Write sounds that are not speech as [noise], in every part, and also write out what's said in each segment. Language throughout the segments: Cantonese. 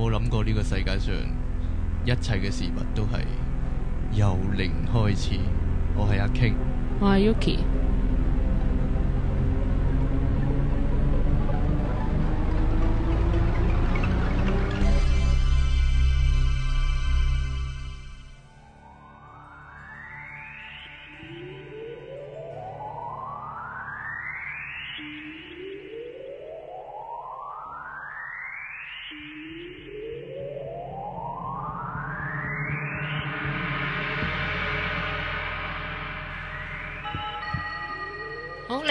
我冇諗過呢個世界上一切嘅事物都係由零開始。我係阿 King，我係 Yuki。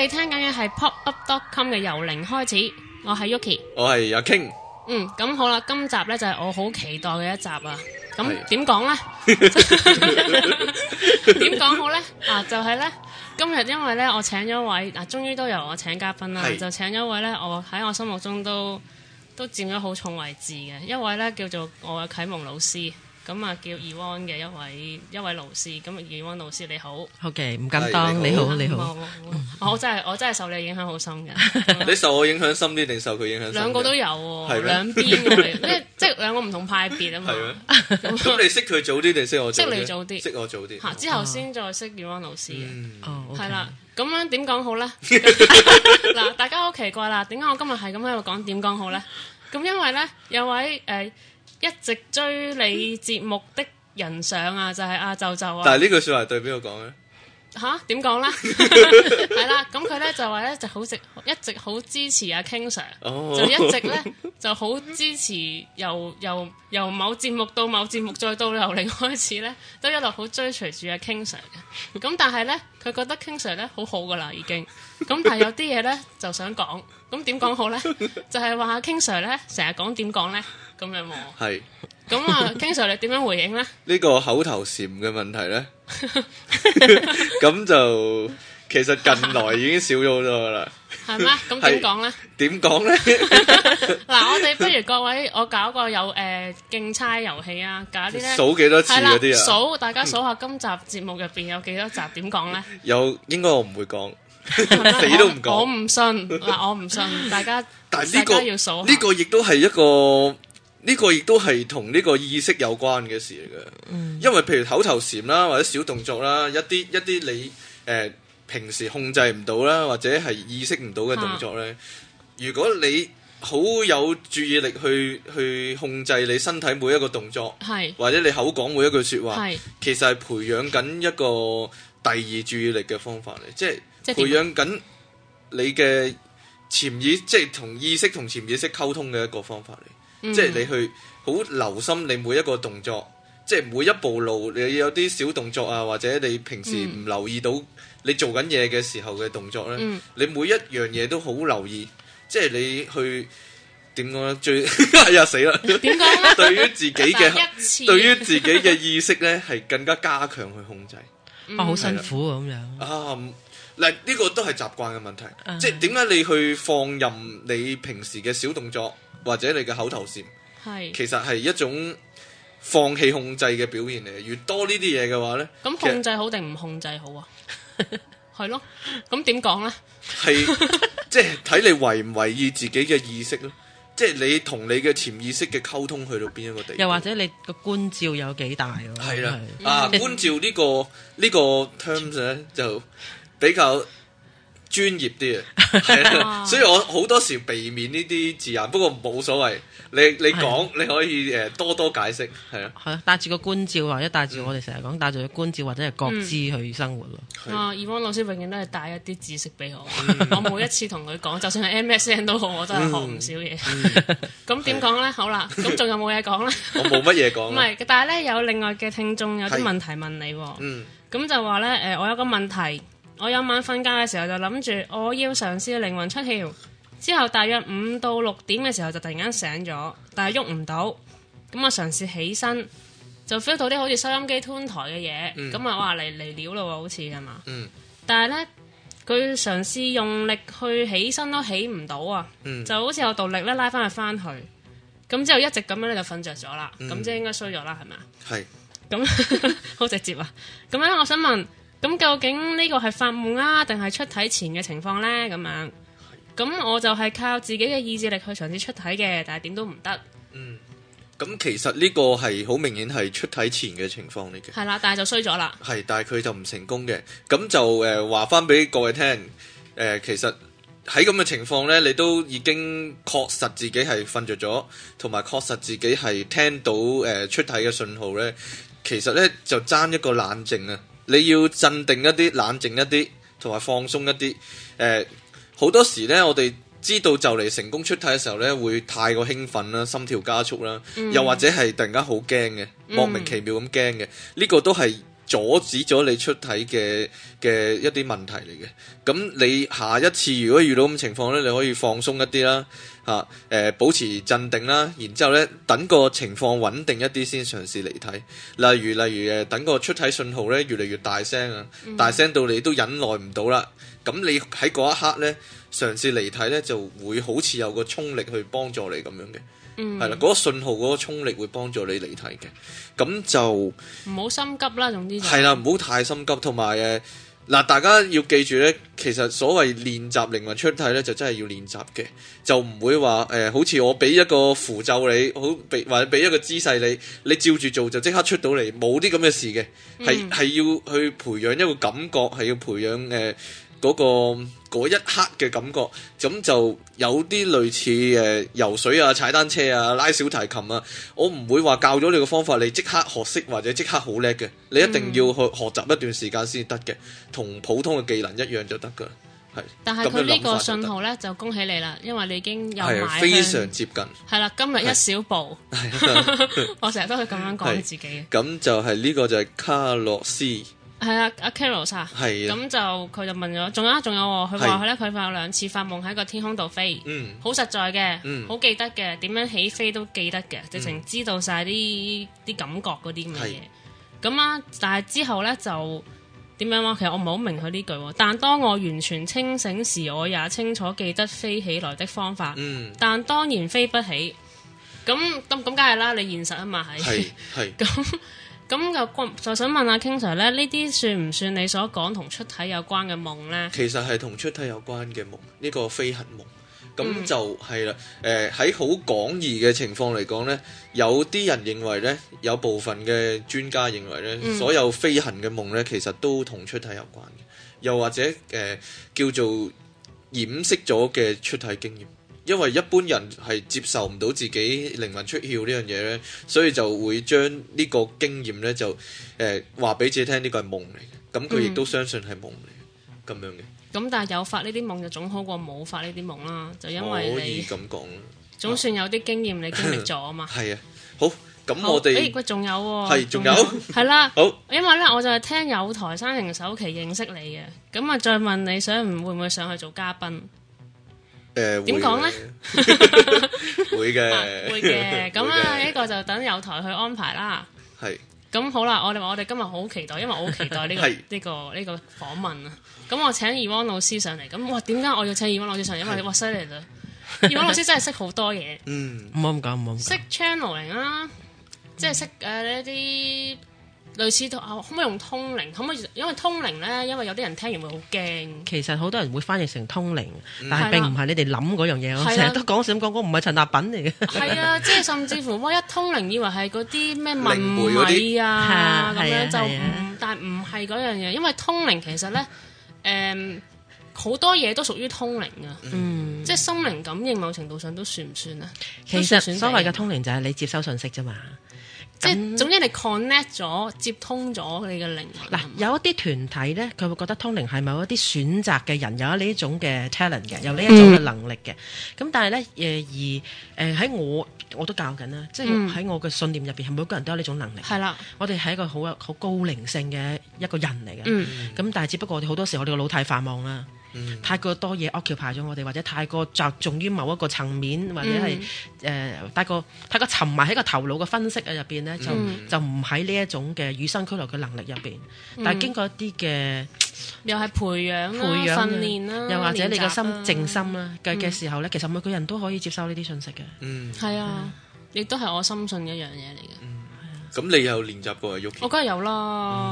聽緊嘅係 Pop Up Dot Com 嘅由零開始，我係 Yuki，我係阿 King。嗯，咁好啦，今集呢就係我好期待嘅一集啊。咁點講呢？點講 [laughs] [laughs] 好呢？啊，就係、是、呢，今日因為呢，我請咗位，嗱、啊，終於都由我請嘉賓啦，的就請咗位呢。我喺我心目中都都佔咗好重位置嘅一位呢，叫做我嘅啟蒙老師。咁啊，叫易安嘅一位一位老師，咁啊，易安老師你好，好嘅，唔敢當，你好，你好，我真係我真係受你影響好深㗎，你受我影響深啲定受佢影響深啲？兩個都有，係兩邊嘅，即係即係兩個唔同派別啊嘛。係咩？咁你識佢早啲定識我早啲？識你早啲，識我早啲。吓，之後先再識易安老師，係啦。咁樣點講好咧？嗱，大家好奇怪啦，點解我今日係咁喺度講點講好咧？咁因為咧有位誒。一直追你節目的人上啊，就係、是、阿、啊、就就啊。但係呢句説話對邊個講嘅？吓點講啦，係啦、啊，咁佢咧就話咧就好直，一直好支持阿 King Sir，、oh. 就一直咧就好支持，由由由某節目到某節目，再到由零開始咧，都一路好追隨住阿 King Sir 嘅。咁但係咧，佢覺得 King Sir 咧好好噶啦，已經。咁但係有啲嘢咧就想講，咁點講好咧？就係、是、話阿 King Sir 咧成日講，點講咧？咁樣喎。咁啊，經常你點樣回應咧？呢個口頭禪嘅問題咧，咁就其實近來已經少咗好多啦。係咩？咁點講咧？點講咧？嗱，我哋不如各位，我搞個有誒競猜遊戲啊，搞啲數幾多次嗰啲啊，數大家數下今集節目入邊有幾多集？點講咧？有應該我唔會講，你都唔講。我唔信嗱，我唔信大家。但係呢個呢個亦都係一個。呢個亦都係同呢個意識有關嘅事嚟嘅，嗯、因為譬如口頭禪啦，或者小動作啦，一啲一啲你誒、呃、平時控制唔到啦，或者係意識唔到嘅動作咧，啊、如果你好有注意力去去控制你身體每一個動作，係是或者你口講每一句說話，係是其實係培養緊一個第二注意力嘅方法嚟，即係是培養緊你嘅潛意，即係同意識同潛意識溝通嘅一個方法嚟。即係你去好留心你每一個動作，即係每一步路，你有啲小動作啊，或者你平時唔留意到你做緊嘢嘅時候嘅動作咧，你每一樣嘢都好留意，即係你去點講咧最哎呀死啦？點解對於自己嘅對於自己嘅意識咧，係更加加強去控制？啊，好辛苦啊，咁樣啊，嗱，呢個都係習慣嘅問題，即係點解你去放任你平時嘅小動作？或者你嘅口頭禪，係是其實係一種放棄控制嘅表現嚟。越多呢啲嘢嘅話咧，咁、嗯、控制好定唔控制好啊？係 [laughs] 咯 [laughs] 是，咁點講咧？係即係睇你違唔違逆自己嘅意識咯。即係 [laughs] 你同你嘅潛意識嘅溝通去到邊一個地步？又或者你個觀照有幾大咯？係啦，啊，觀照、這個這個、呢個呢個 terms 咧就比較。專業啲嘅，係啊，所以我好多時避免呢啲字眼，不過冇所謂。你你講你可以誒、呃、多多解釋，係啊，係啊，帶住個觀照或者帶住我哋成日講帶住個觀照或者係覺知去生活咯。嗯、啊，二老師永遠都係帶一啲知識俾我，嗯、我每一次同佢講，就算係 MSN 都好，我都係學唔少嘢。咁點講咧？好啦，咁仲有冇嘢講咧？我冇乜嘢講。唔係，但係咧有另外嘅聽眾有啲問題問你，咁、嗯、就話咧誒，我有一個問題。我有晚瞓覺嘅時候就諗住我要嘗試靈魂出竅，之後大約五到六點嘅時候就突然間醒咗，但係喐唔到，咁啊嘗試起身就 feel 到啲好似收音機吞台嘅嘢，咁啊、嗯、我話嚟嚟料咯，好似係嘛，嗯、但係呢，佢嘗試用力去起身都起唔到啊，嗯、就好似有道力咧拉翻去翻去，咁之後一直咁樣咧就瞓着咗啦，咁即係應該衰咗啦係咪？係，咁是 [laughs] [laughs] 好直接啊，咁咧我想問。咁究竟呢個係發夢啊，定係出體前嘅情況呢？咁樣咁、啊、我就係靠自己嘅意志力去嘗試出體嘅，但係點都唔得。嗯，咁其實呢個係好明顯係出體前嘅情況嚟嘅。係啦，但係就衰咗啦。係，但係佢就唔成功嘅。咁就誒話翻俾各位聽，誒、呃、其實喺咁嘅情況呢，你都已經確實自己係瞓着咗，同埋確實自己係聽到誒、呃、出體嘅信號呢，其實呢就爭一個冷靜啊！你要鎮定一啲、冷靜一啲，同埋放鬆一啲。誒、呃，好多時咧，我哋知道就嚟成功出體嘅時候咧，會太過興奮啦，心跳加速啦，嗯、又或者係突然間好驚嘅，莫名其妙咁驚嘅，呢、嗯、個都係阻止咗你出體嘅嘅一啲問題嚟嘅。咁你下一次如果遇到咁情況咧，你可以放鬆一啲啦。啊，誒，保持鎮定啦，然之後咧，等個情況穩定一啲先嘗試離體。例如，例如誒，等個出體信號咧越嚟越大聲啊，嗯、大聲到你都忍耐唔到啦。咁你喺嗰一刻咧，嘗試離體咧就會好似有個衝力去幫助你咁樣嘅，嗯，係啦，嗰、嗰個信號嗰個衝力會幫助你離體嘅。咁就唔好心急啦，總之係、就、啦、係，唔好太心急，同埋誒。呃嗱，大家要記住咧，其實所謂練習靈魂出體咧，就真係要練習嘅，就唔會話誒、呃，好似我俾一個符咒你，好俾或者俾一個姿勢你，你照住做就即刻出到嚟，冇啲咁嘅事嘅，係係、嗯、要去培養一個感覺，係要培養誒。呃嗰、那個嗰一刻嘅感覺，咁就有啲類似誒、呃、游水啊、踩單車啊、拉小提琴啊。我唔會話教咗你個方法，你即刻學識或者即刻好叻嘅。你一定要去學習一段時間先得嘅，同普通嘅技能一樣就得㗎。係。但係佢呢個信號呢，就恭喜你啦，因為你已經有非常接近。係啦，今日一小步。我成日都係咁樣講自己。咁就係、是、呢、這個就係卡洛斯。係啊，阿 Carols 啊，咁就佢就問咗，仲有仲有，佢話咧佢有兩次發夢喺個天空度飛，好實在嘅，好記得嘅，點樣起飛都記得嘅，直情知道晒啲啲感覺嗰啲咁嘅嘢。咁啊，但係之後咧就點樣話？其實我唔係好明佢呢句，但當我完全清醒時，我也清楚記得飛起來的方法。但當然飛不起。咁咁咁，梗係啦，你現實啊嘛，係，係咁。咁就想問阿 King Sir 咧，呢啲算唔算你所講同出體有關嘅夢呢？其實係同出體有關嘅夢，呢、這個飛行夢咁、嗯、就係、是、啦。誒喺好廣義嘅情況嚟講呢，有啲人認為呢，有部分嘅專家認為呢、嗯、所有飛行嘅夢呢，其實都同出體有關嘅，又或者誒、呃、叫做掩飾咗嘅出體經驗。因為一般人係接受唔到自己靈魂出竅呢樣嘢咧，所以就會將呢個經驗咧就誒話俾自己聽呢個係夢嚟嘅，咁佢亦都相信係夢嚟嘅，咁樣嘅。咁但係有發呢啲夢就總好過冇發呢啲夢啦，就因為你可以咁講，總算有啲經驗你經歷咗啊嘛。係啊，好，咁我哋誒，仲有係仲有係啦，好，因為咧我就係聽有台山零首期認識你嘅，咁啊再問你想唔會唔會上去做嘉賓？誒，點講咧？會嘅，會嘅，咁啊，呢 [laughs] 個就等有台去安排啦。係是。咁好啦，我哋我哋今日好，好期待，因為我好期待呢、這個呢 [laughs] 是、這個呢、這個訪問啊。咁 [laughs] 我請二汪老師上嚟，咁哇，點解我要請二汪老師上嚟？因為哇，犀利啦！二汪 [laughs] 老師真係識好多嘢。嗯，唔啱咁講，唔啱。識 channeling 啊，即係識誒呢啲。呃類似同可唔可以用通靈？可唔可以？因為通靈咧，因為有啲人聽完會好驚。其實好多人會翻譯成通靈，但係並唔係你哋諗嗰樣嘢，我成日都講神講講唔係陳立品嚟嘅。係啊，即係甚至乎哇，一通靈以為係嗰啲咩問米啊咁樣就，但係唔係嗰樣嘢。因為通靈其實咧，誒好多嘢都屬於通靈啊，即係心靈感應，某程度上都算唔算啊？其實所謂嘅通靈就係你接收信息啫嘛。那即總之你 connect 咗，接通咗你嘅靈。嗱，有一啲團體咧，佢會覺得通靈係咪有一啲選擇嘅人，有呢一種嘅 talent 嘅，有呢一種嘅能力嘅。咁、嗯、但係咧，誒而誒喺、呃、我，我都教緊啦。即係喺我嘅信念入邊，係每個人都有呢種能力。係啦、嗯，我哋係一個好好高靈性嘅一個人嚟嘅。嗯，咁但係只不過我哋好多時我哋嘅腦太繁忙啦。嗯、太過多嘢 occupy 咗我哋，或者太過着重於某一個層面，或者係誒太過太過沉迷喺個頭腦嘅分析嘅入邊咧，就就唔喺呢一種嘅與生俱來嘅能力入邊。嗯、但係經過一啲嘅，又係培養啦、啊、培養啊、訓練啦、啊，又或者你嘅心靜心啦嘅嘅時候咧，其實每個人都可以接收呢啲信息嘅。嗯，係、嗯、啊，亦都係我深信一樣嘢嚟嘅。嗯咁你有練習過喐、ok？我梗係有啦，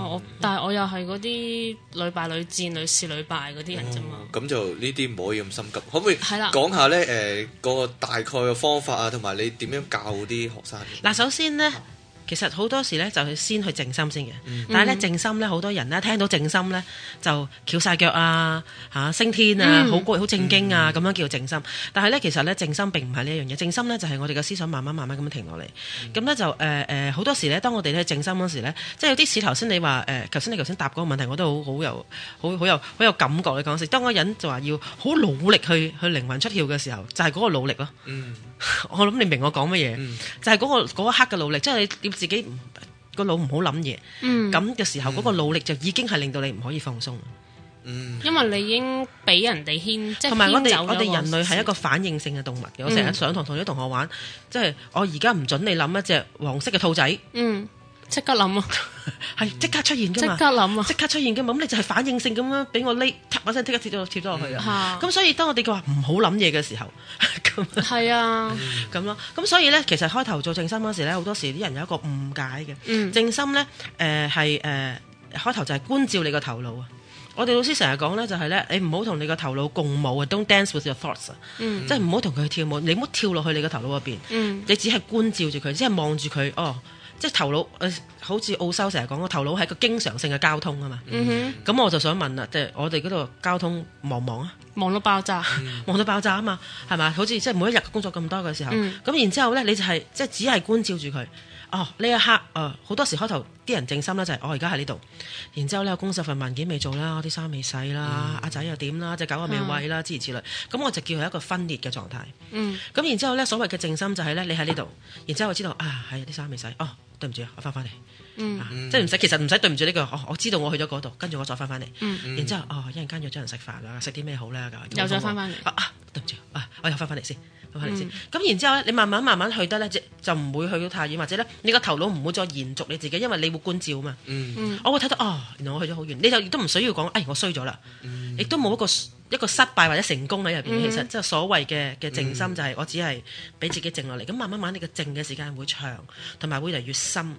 嗯、我但係我又係嗰啲屢敗屢戰、屢試屢敗嗰啲人啫嘛。咁、哦、就呢啲唔可以咁心急，可唔可以係啦講下咧？誒、呃，嗰、嗰個大概嘅方法啊，同埋你點樣教啲學生？嗱，首先咧。嗯其實好多時咧就去先去靜心先嘅，但係咧靜心咧好多人咧聽到靜心咧就翹晒腳啊嚇升天啊好過好正經啊咁樣叫靜心，但係咧其實咧靜心並唔係呢一樣嘢，靜心咧就係我哋嘅思想慢慢慢慢咁樣停落嚟，咁咧就誒誒好多時咧當我哋咧靜心嗰時咧，即係有啲似頭先你話誒頭先你頭先答嗰個問題，我都好好有好好有好有感覺你講時，當一個人就話要好努力去去靈魂出竅嘅時候，就係嗰個努力咯。我諗你明我講乜嘢，就係嗰個一刻嘅努力，即係你自己腦唔好諗嘢，咁嘅、嗯、時候嗰個努力就已經係令到你唔可以放鬆。嗯，因為你已經俾人哋牽，即係牽走咗我。同埋我哋我哋人類係一個反應性嘅動物嘅。嗯、我成日上堂同啲同學玩，即係我而家唔准你諗一隻黃色嘅兔仔。嗯。即刻諗啊，係即 [laughs] 刻出現噶嘛？即刻諗啊，即刻出現噶嘛？咁你就係反應性咁樣俾我匿，啪一聲，即刻貼咗貼咗落去啊！咁、嗯、所以當我哋話唔好諗嘢嘅時候，係 [laughs] 這樣 啊，咁咯、嗯。咁所以咧，其實開頭做靜心嗰時咧，好多時啲人有一個誤解嘅。嗯、靜心咧，誒係誒開頭就係觀照你個頭腦啊。我哋老師成日講咧，就係咧，你唔好同你個頭腦共舞啊，Don't dance with your thoughts。嗯，即係唔好同佢跳舞，你唔好跳落去你個頭腦入邊。嗯、你只係觀照住佢，只係望住佢哦。即係頭腦，誒，好似奧修成日講個頭腦係個經常性嘅交通啊嘛。咁、嗯、哼我就想問啦，即係我哋嗰度交通忙唔忙啊？忙到爆炸， [laughs] 忙到爆炸啊嘛，係咪、嗯？好似即係每一日嘅工作咁多嘅時候，咁、嗯、然之後咧，你就係、是、即係只係觀照住佢。哦，呢一刻，誒、呃、好多時開頭啲人靜心啦、就是，就係我而家喺呢度，然之後咧公司份文件未做啦，啲衫未洗啦，阿仔、嗯啊、又點啦，隻狗又未餵啦，嗯、諸如此類。咁、嗯、我就叫佢一個分裂嘅狀態。嗯。咁然之後咧，所謂嘅靜心就係、是、咧，你喺呢度，然之後我知道啊，係啲衫未洗，哦，對唔住，我翻返嚟。啊嗯嗯、即係唔使，其實唔使對唔住呢句，我知道我去咗嗰度，跟住我再翻返嚟。嗯、然之後，哦，一陣間約咗人食飯啦，食啲咩好咧又再翻返嚟。啊對唔住啊，我又翻返嚟先。咁、嗯、然之後咧，你慢慢慢慢去得咧，就唔會去到太遠，或者咧，你個頭腦唔會再延續你自己，因為你會觀照嘛。嗯、我會睇到哦，原來我去咗好遠，你就亦都唔需要講，哎，我衰咗啦，亦、嗯、都冇一個一個失敗或者成功喺入邊。嗯、其實即、就係、所謂嘅嘅靜心就係我只係俾自己靜落嚟。咁慢慢慢，你嘅靜嘅時間會長，同埋會嚟越，越深。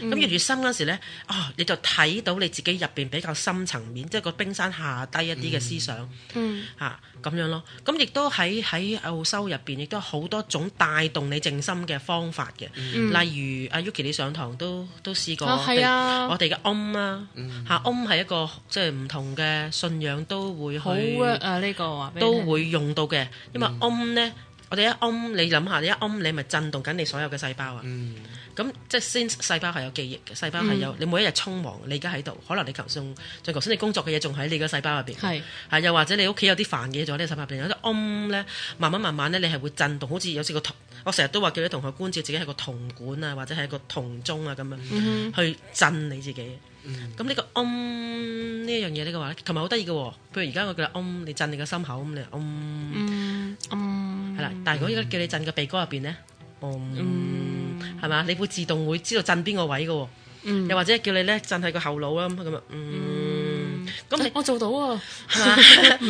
咁越嚟越深嗰時咧，哦，你就睇到你自己入邊比較深層面，即、就、個、係、冰山下低一啲嘅思想。嗯，嗯嗯咁樣咯，咁亦都喺喺澳洲入邊，亦都好多種帶動你靜心嘅方法嘅，嗯、例如阿、啊、Yuki 你上堂都都試過，我哋嘅嗡啊。「嚇嗡係一個即係唔同嘅信仰都會去，好啊呢、呢個都會用到嘅，因為嗡咧。嗯我哋一嗡，你諗下，你一嗡，你咪震動緊你所有嘅細胞啊！咁、嗯、即係先，細胞係有記憶嘅，細胞係有你每一日匆忙，你而家喺度，可能你頭先。在頭先你工作嘅嘢仲喺你嘅細胞入邊，係是，又或者你屋企有啲煩嘢在你細胞入邊，有啲嗡咧，慢慢慢慢咧，你係會震動，好似有時個銅，我成日都話叫你同學觀照，自己係個銅管啊，或者係一個銅鐘啊咁樣，嗯、去震你自己。咁、嗯這個、呢個嗡呢一樣嘢呢個話咧，同埋好得意嘅，譬如而家我，、嗯嗯、我叫你嗡，你震你個心口咁你嗡嗡係啦，但係如果依家叫你震個鼻哥入邊咧，嗡係嘛，你會自動會知道震邊個位嘅、哦，又、嗯、或者叫你咧震喺個後腦啦咁咁你，我，你、嗯嗯、我做到啊，唔、 [laughs] [laughs]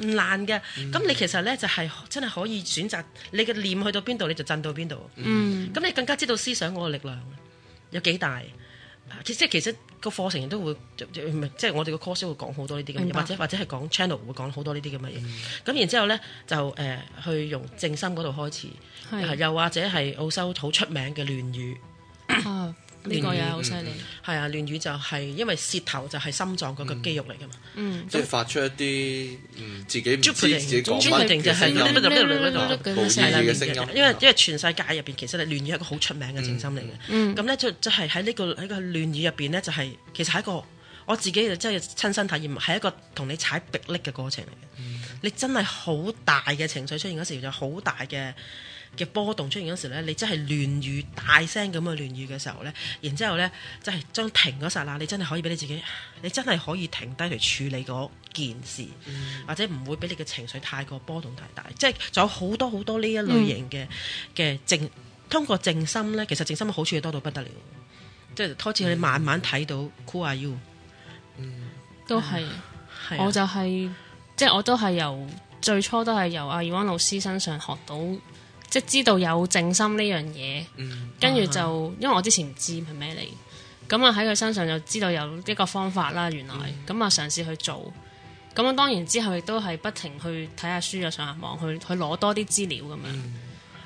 嗯、難嘅，咁你其實咧就係真係可以選擇你嘅念去到邊度，你就震到邊度，咁、嗯嗯、你更加知道思想嗰個力量有幾大。即係其實，其實個課程都會，即係我哋個 course 會講好多呢啲咁，白或者或者係講 channel 會講好多呢啲咁嘅嘢。咁、嗯嗯、然後之後咧就誒、呃、去用正心嗰度開始，是又或者係澳洲好出名嘅亂語。啊。呢個嘢好犀利，係啊！亂語就係因為舌頭就係心臟嗰個肌肉嚟噶嘛，即係發出一啲自己唔知自己講乜定係咁，係嘅聲音。因為因為全世界入邊其實係亂語係一個好出名嘅情深嚟嘅，咁咧就就係喺呢個喺個亂語入邊咧就係其實係一個我自己就真係親身體驗，係一個同你踩鼻力嘅過程嚟嘅，你真係好大嘅情緒出現嗰時就好大嘅。嘅波動出現嗰時咧，你真係亂語大聲咁去亂語嘅時候咧，然之後咧，真係將停嗰剎那，你真係可以俾你自己，你真係可以停低嚟處理嗰件事，嗯、或者唔會俾你嘅情緒太過波動太大，大。即係仲有好多好多呢一類型嘅嘅靜，通過靜心咧，其實靜心嘅好處多到不得了。即係開始你慢慢睇到 Who are you？嗯，都係是，嗯、我就係、是啊就是、即係我都係由最初都係由阿爾安老師身上學到。即知道有正心呢樣嘢，跟住就因為我之前唔知係咩嚟，咁啊喺佢身上就知道有一個方法啦。原來咁啊， [music] 嘗試去做，咁啊當然之後亦都係不停去睇下書，又上下網去去攞多啲資料咁樣。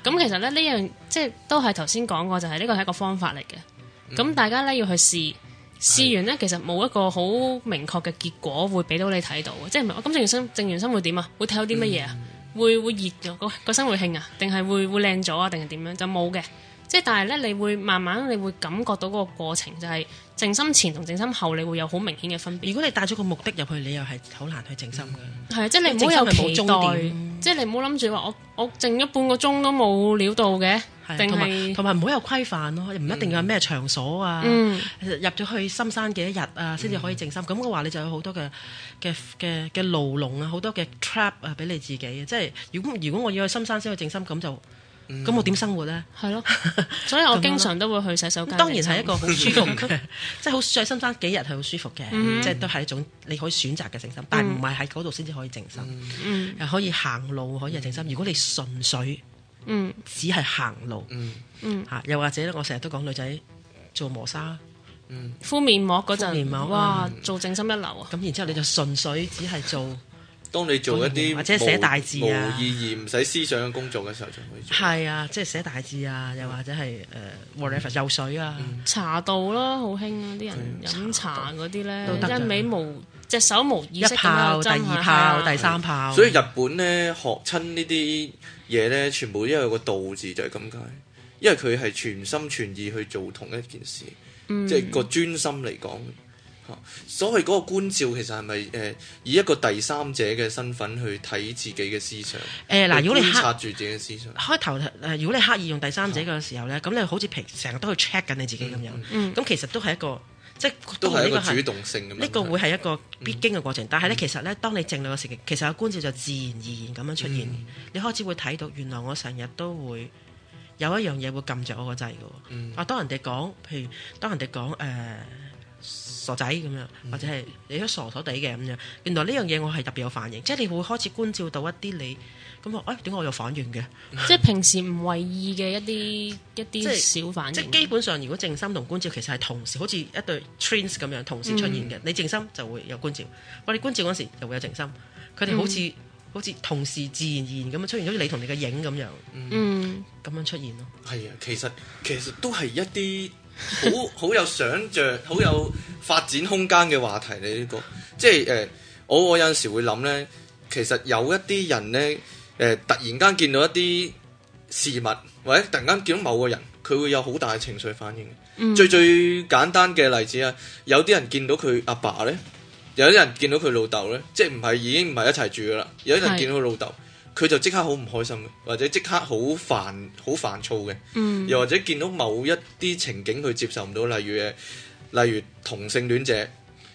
咁 [music] 其實咧呢樣即係都係頭先講過，就係呢個係一個方法嚟嘅。咁大家咧要去試 [music] 試完咧，其實冇一個好明確嘅結果會俾到你睇到。即係唔係？咁正心正完心會點啊？會睇到啲乜嘢啊？ [music] 會會熱咗個個生活興啊？定係會會靚咗啊？定係點樣？就冇嘅，即係但係咧，你會慢慢你會感覺到嗰個過程，就係靜心前同靜心後，你會有好明顯嘅分別。如果你帶咗個目的入去，你又係好難去靜心嘅。係啊，即係你唔好有期待，即係你唔好諗住話我我靜咗半個鐘都冇料到嘅。同埋唔好有規範咯，唔一定要有咩場所啊，入咗去深山幾多日啊，先至可以靜心。咁嘅話你就有好多嘅嘅嘅嘅牢籠啊，好多嘅 trap 啊，俾你自己。即係如果如果我要去深山先去靜心，咁就咁我點生活咧？係咯，所以我經常都會去洗手間。當然係一個好舒服嘅，即係好在深山幾日係好舒服嘅，即係都係一種你可以選擇嘅靜心，但係唔係喺嗰度先至可以靜心，又可以行路可以靜心。如果你純粹……嗯，只係行路，嗯，吓又或者咧，我成日都講女仔做磨砂，嗯，敷面膜嗰陣，哇，做正心一流啊！咁、嗯、然之後你就純粹只係做，當你做一啲或者寫大字啊，無意義唔使思想工作嘅時候就可以做。係啊，即、就、係、是、寫大字啊，又或者係誒、uh, whatever 游水啊，嗯、茶道啦，好興啊，啲人飲茶嗰啲咧，一眉無。隻手無意識一炮、真真第二炮、對第三炮。所以日本咧學親呢啲嘢咧，全部因為個道字就係咁解，因為佢係全心全意去做同一件事，嗯、即係個專心嚟講。嗯、所謂嗰個觀照，其實係咪誒以一個第三者嘅身份去睇自己嘅思想？誒嗱、呃呃呃，如果你察住自己嘅思想，開頭誒、呃、如果你刻意用第三者嘅時候咧，咁、嗯、你好似平成日都去 check 緊你自己咁樣，咁、嗯嗯、其實都係一個。即係呢個，都係一個主動性咁樣，呢個會係一個必經嘅過程，嗯、但係咧，其實咧，當你靜落嘅時期，其實個觀照就自然而然咁樣出現。嗯、你開始會睇到原來我成日都會有一樣嘢會撳着我個掣嘅。嗯、啊，當人哋講，譬如當人哋講誒傻仔咁樣，或者係你都傻傻地嘅咁樣，原來呢樣嘢我係特別有反應，即係你會開始觀照到一啲你。咁啊！哎，點解我有反應嘅？即係平時唔為意嘅一啲、嗯、一啲小反應。即係基本上，如果靜心同觀照其實係同時，好似一對 twins 咁樣同時出現嘅。嗯、你靜心就會有觀照，我哋觀照嗰陣時又會有靜心。佢哋好似、嗯、好似同時自然而然咁樣出現，好似你同你嘅影咁樣，嗯，咁樣出現咯。係啊，其實其實都係一啲好好有想像、 [laughs] 好有發展空間嘅話題嚟呢、呢個即係誒，我我，我有陣時會諗咧，其實有一啲人咧。突然間見到一啲事物，或者突然間見到某個人，佢會有好大嘅情緒反應。嗯、最最簡單嘅例子啊，有啲人見到佢阿爸呢，有啲人見到佢老豆呢，即係唔係已經唔係一齊住噶啦？有啲人見到佢老豆，佢就即刻好唔開心嘅，或者即刻好煩、好煩躁嘅。嗯、又或者見到某一啲情景佢接受唔到，例如例如同性戀者，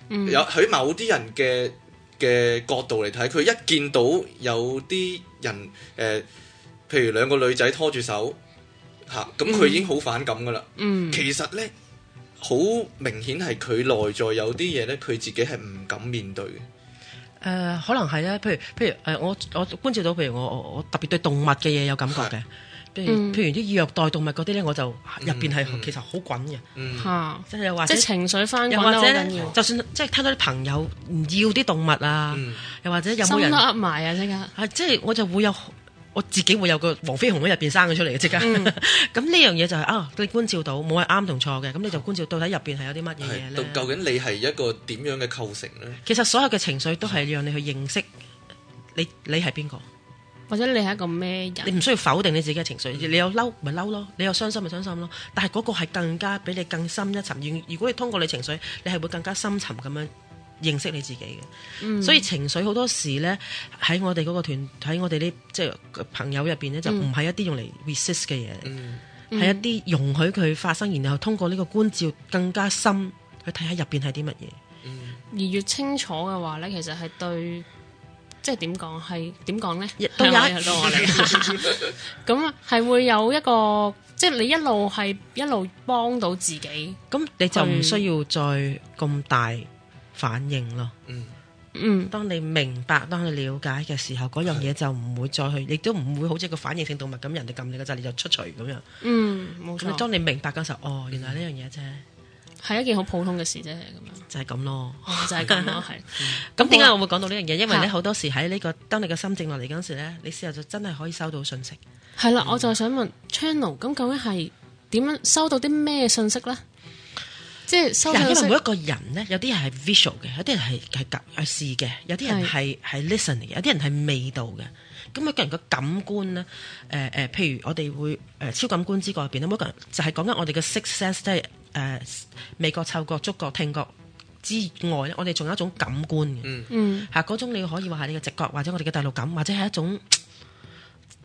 嗯、有喺某啲人嘅。嘅角度嚟睇，佢一見到有啲人誒、呃，譬如兩個女仔拖住手吓，咁、啊、佢已經好反感㗎喇。嗯，其實咧好明顯係佢內在有啲嘢咧，佢自己係唔敢面對嘅。誒、呃，可能係啊，譬如譬如誒，我我觀照到，譬如、譬如、呃、我我如我、我特別對動物嘅嘢有感覺嘅。譬如啲虐待動物嗰啲咧，我就入邊係其實好滾嘅，即係又或者情緒翻滾，或者就算即係睇到啲朋友唔要啲動物啊，又或者有冇人壓埋啊？即刻即係我就會有我自己會有個黃飛鴻喺入邊生咗出嚟嘅即刻。咁呢樣嘢就係啊，你觀照到冇係啱同錯嘅，咁你就觀照到底入邊係有啲乜嘢嘢，究竟你係一個點樣嘅構成咧？其實所有嘅情緒都係讓你去認識你你係邊個。或者你係一個咩人？你唔需要否定你自己嘅情緒，你有嬲咪嬲咯，你有傷心咪傷心咯。但係嗰個係更加俾你更深一層。如果你通過你情緒，你係會更加深沉咁樣認識你自己嘅。嗯、所以情緒好多時呢，喺我哋嗰個團，喺我哋啲即係朋友入邊呢，就唔係一啲用嚟 resist 嘅嘢，係、嗯、一啲容許佢發生，然後通過呢個觀照更加深去睇下入邊係啲乜嘢。嗯嗯、而越清楚嘅話呢，其實係對。即係點講係點講咧，都有咁係 [laughs] [laughs] 會有一個即係你一路係一路幫到自己，咁你就唔需要再咁大反應咯。嗯，嗯，當你明白、當你了解嘅時候，嗰樣嘢就唔會再去，亦都唔會好似一個反應性動物咁，人哋撳你嘅掣，你就出錘咁樣。嗯，冇錯。當你明白嗰時候，哦，原來呢樣嘢啫。係一件好普通嘅事啫，咁樣就係咁咯，哦、就係、是、咁咯，係。 [laughs] 咁點解我會講到呢樣嘢？ [laughs] 因為咧好多時喺呢、這個當你嘅心靜落嚟嗰時咧，是你試下就真係可以收到信息。係啦，我就想問、嗯、channel，咁究竟係點樣收到啲咩信息咧？即係收到。嗱，因為每一個人咧，有啲人係 visual 嘅，有啲人係係感覺嘅，有啲人係係 listening 嘅，有啲人係味道嘅。咁每個人嘅感官咧，誒、呃、誒，譬如我哋會誒、呃呃、超感官知覺，入邊咧，每個人就係講緊我哋嘅 six senses 誒，味覺嗅覺、觸覺、聽覺之外咧，我哋仲有一種感官嘅，嗯，吓嗰、啊、種你可以話係你嘅直覺，或者我哋嘅第六感，或者係一種，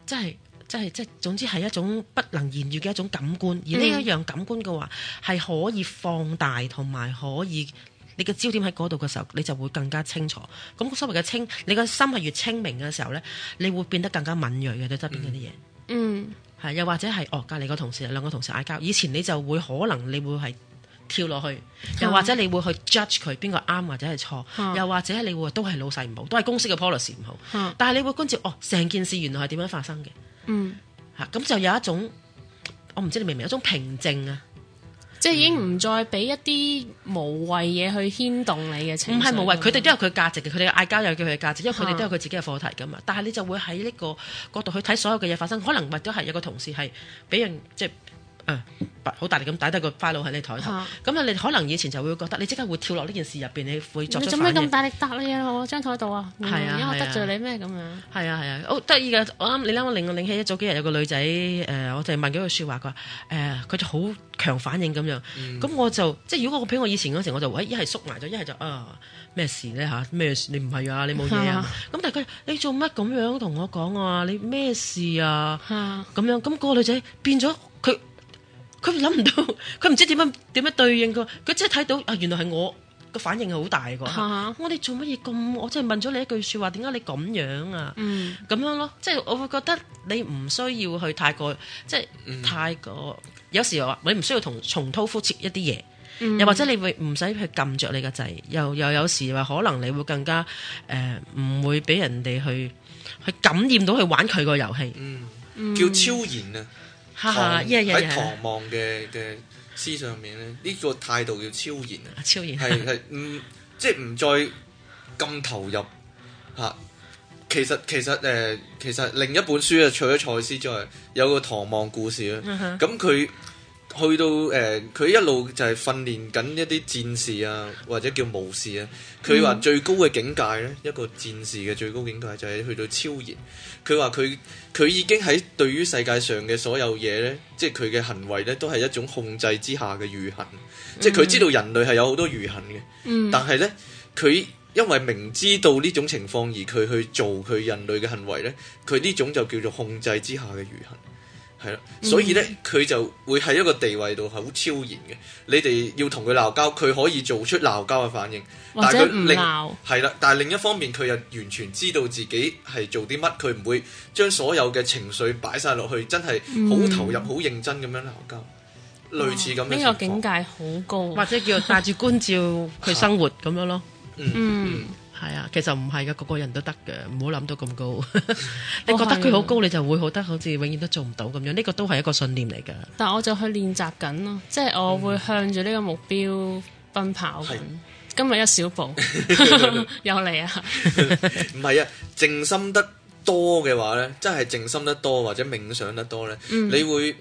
即係即係即係，總之係一種不能言喻嘅一種感官。而呢一樣感官嘅話，係可以放大，同埋可以你嘅焦點喺嗰度嘅時候，你就會更加清楚。咁所謂嘅清，你個心係越清明嘅時候咧，你會變得更加敏銳嘅對側邊嗰啲嘢。嗯。又或者係哦，隔離個同事，兩個同事嗌交。以前你就會，可能你會係跳落去，啊、又或者你會去 judge 佢邊個啱或者係錯，啊、又或者你會都係老細唔好，都係公司嘅 policy 唔好。啊、但係你會關注哦，成件事原來係點樣發生嘅。嗯，嚇咁、嗯、就有一種，我唔知你明唔明一種平靜啊。即係已經唔再俾一啲無謂嘢去牽動你嘅情緒。唔係無謂，佢哋都有佢價值嘅，佢哋嗌交有佢嘅價值，因為佢哋都有佢自己嘅課題噶嘛。啊、但係你就會喺呢個角度去睇所有嘅嘢發生，可能或都係有個同事係俾人即係。就是好大力咁打，低個 file 喺你台頭，咁啊，你可能以前就會覺得你即刻會跳落呢件事入邊，你會作出反應。你做咩咁大力打你啊？張台度啊？啊，我得罪你咩？咁樣？係啊係啊，好得意噶！我啱你啱，我令我起一早幾日有個女仔誒，我就問咗句說話，佢話誒，佢就好強反應咁樣。咁我就即係如果我俾我以前嗰時，我就喂一係縮埋咗，一係就啊咩事咧吓？咩你唔係啊？你冇嘢啊？咁但係佢你做乜咁樣同我講啊？你咩事啊？咁樣咁個女仔變咗佢。佢諗唔到，佢唔知點樣點樣對應佢。佢真係睇到啊，原來係我個反應好大個。我哋、啊啊、做乜嘢咁？我真係問咗你一句說話，點解你咁樣啊？咁、嗯、樣咯，即係我會覺得你唔需要去太過，即係太過。嗯、有時話你唔需要同重蹈覆轍一啲嘢，嗯、又或者你會唔使去撳着你個掣。又又有時話可能你會更加誒，唔、呃、會俾人哋去去感染到去玩佢個遊戲。叫超然啊。喺唐,唐望嘅嘅詩上面咧，呢、這個態度要超然啊，超然係係唔即係唔再咁投入吓、啊。其實其實誒、呃，其實另一本書啊，除咗蔡詩之外，有個唐望故事啦。咁佢、uh。Huh. 去到誒，佢、呃、一路就係訓練緊一啲戰士啊，或者叫武士啊。佢話最高嘅境界咧，嗯、一個戰士嘅最高境界就係去到超然。佢話佢佢已經喺對於世界上嘅所有嘢咧，即係佢嘅行為咧，都係一種控制之下嘅愚行。嗯、即係佢知道人類係有好多愚行嘅，嗯、但係咧佢因為明知道呢種情況而佢去做佢人類嘅行為咧，佢呢種就叫做控制之下嘅愚行。係咯，所以咧佢就會喺一個地位度係好超然嘅。你哋要同佢鬧交，佢可以做出鬧交嘅反應，或者 但係佢唔係啦。但係另一方面，佢又完全知道自己係做啲乜，佢唔會將所有嘅情緒擺晒落去，真係好投入、好認真咁樣鬧交，嗯、類似咁樣。呢個境界好高， [laughs] 或者叫帶住觀照佢生活咁樣咯。 [laughs] 的嗯。嗯嗯係啊，其實唔係噶，個個人都得噶，唔好諗到咁高。 [laughs] 你覺得佢好高，你就會好得，好似永遠都做唔到咁樣。呢個都係一個信念嚟噶。但係我就去練習緊咯，即係我會向住呢個目標奔跑咁。是今日一小步，又嚟 [laughs] [laughs] 啊！唔係 [laughs] 啊，靜心得多嘅話咧，真係靜心得多或者冥想得多呢，嗯、你會。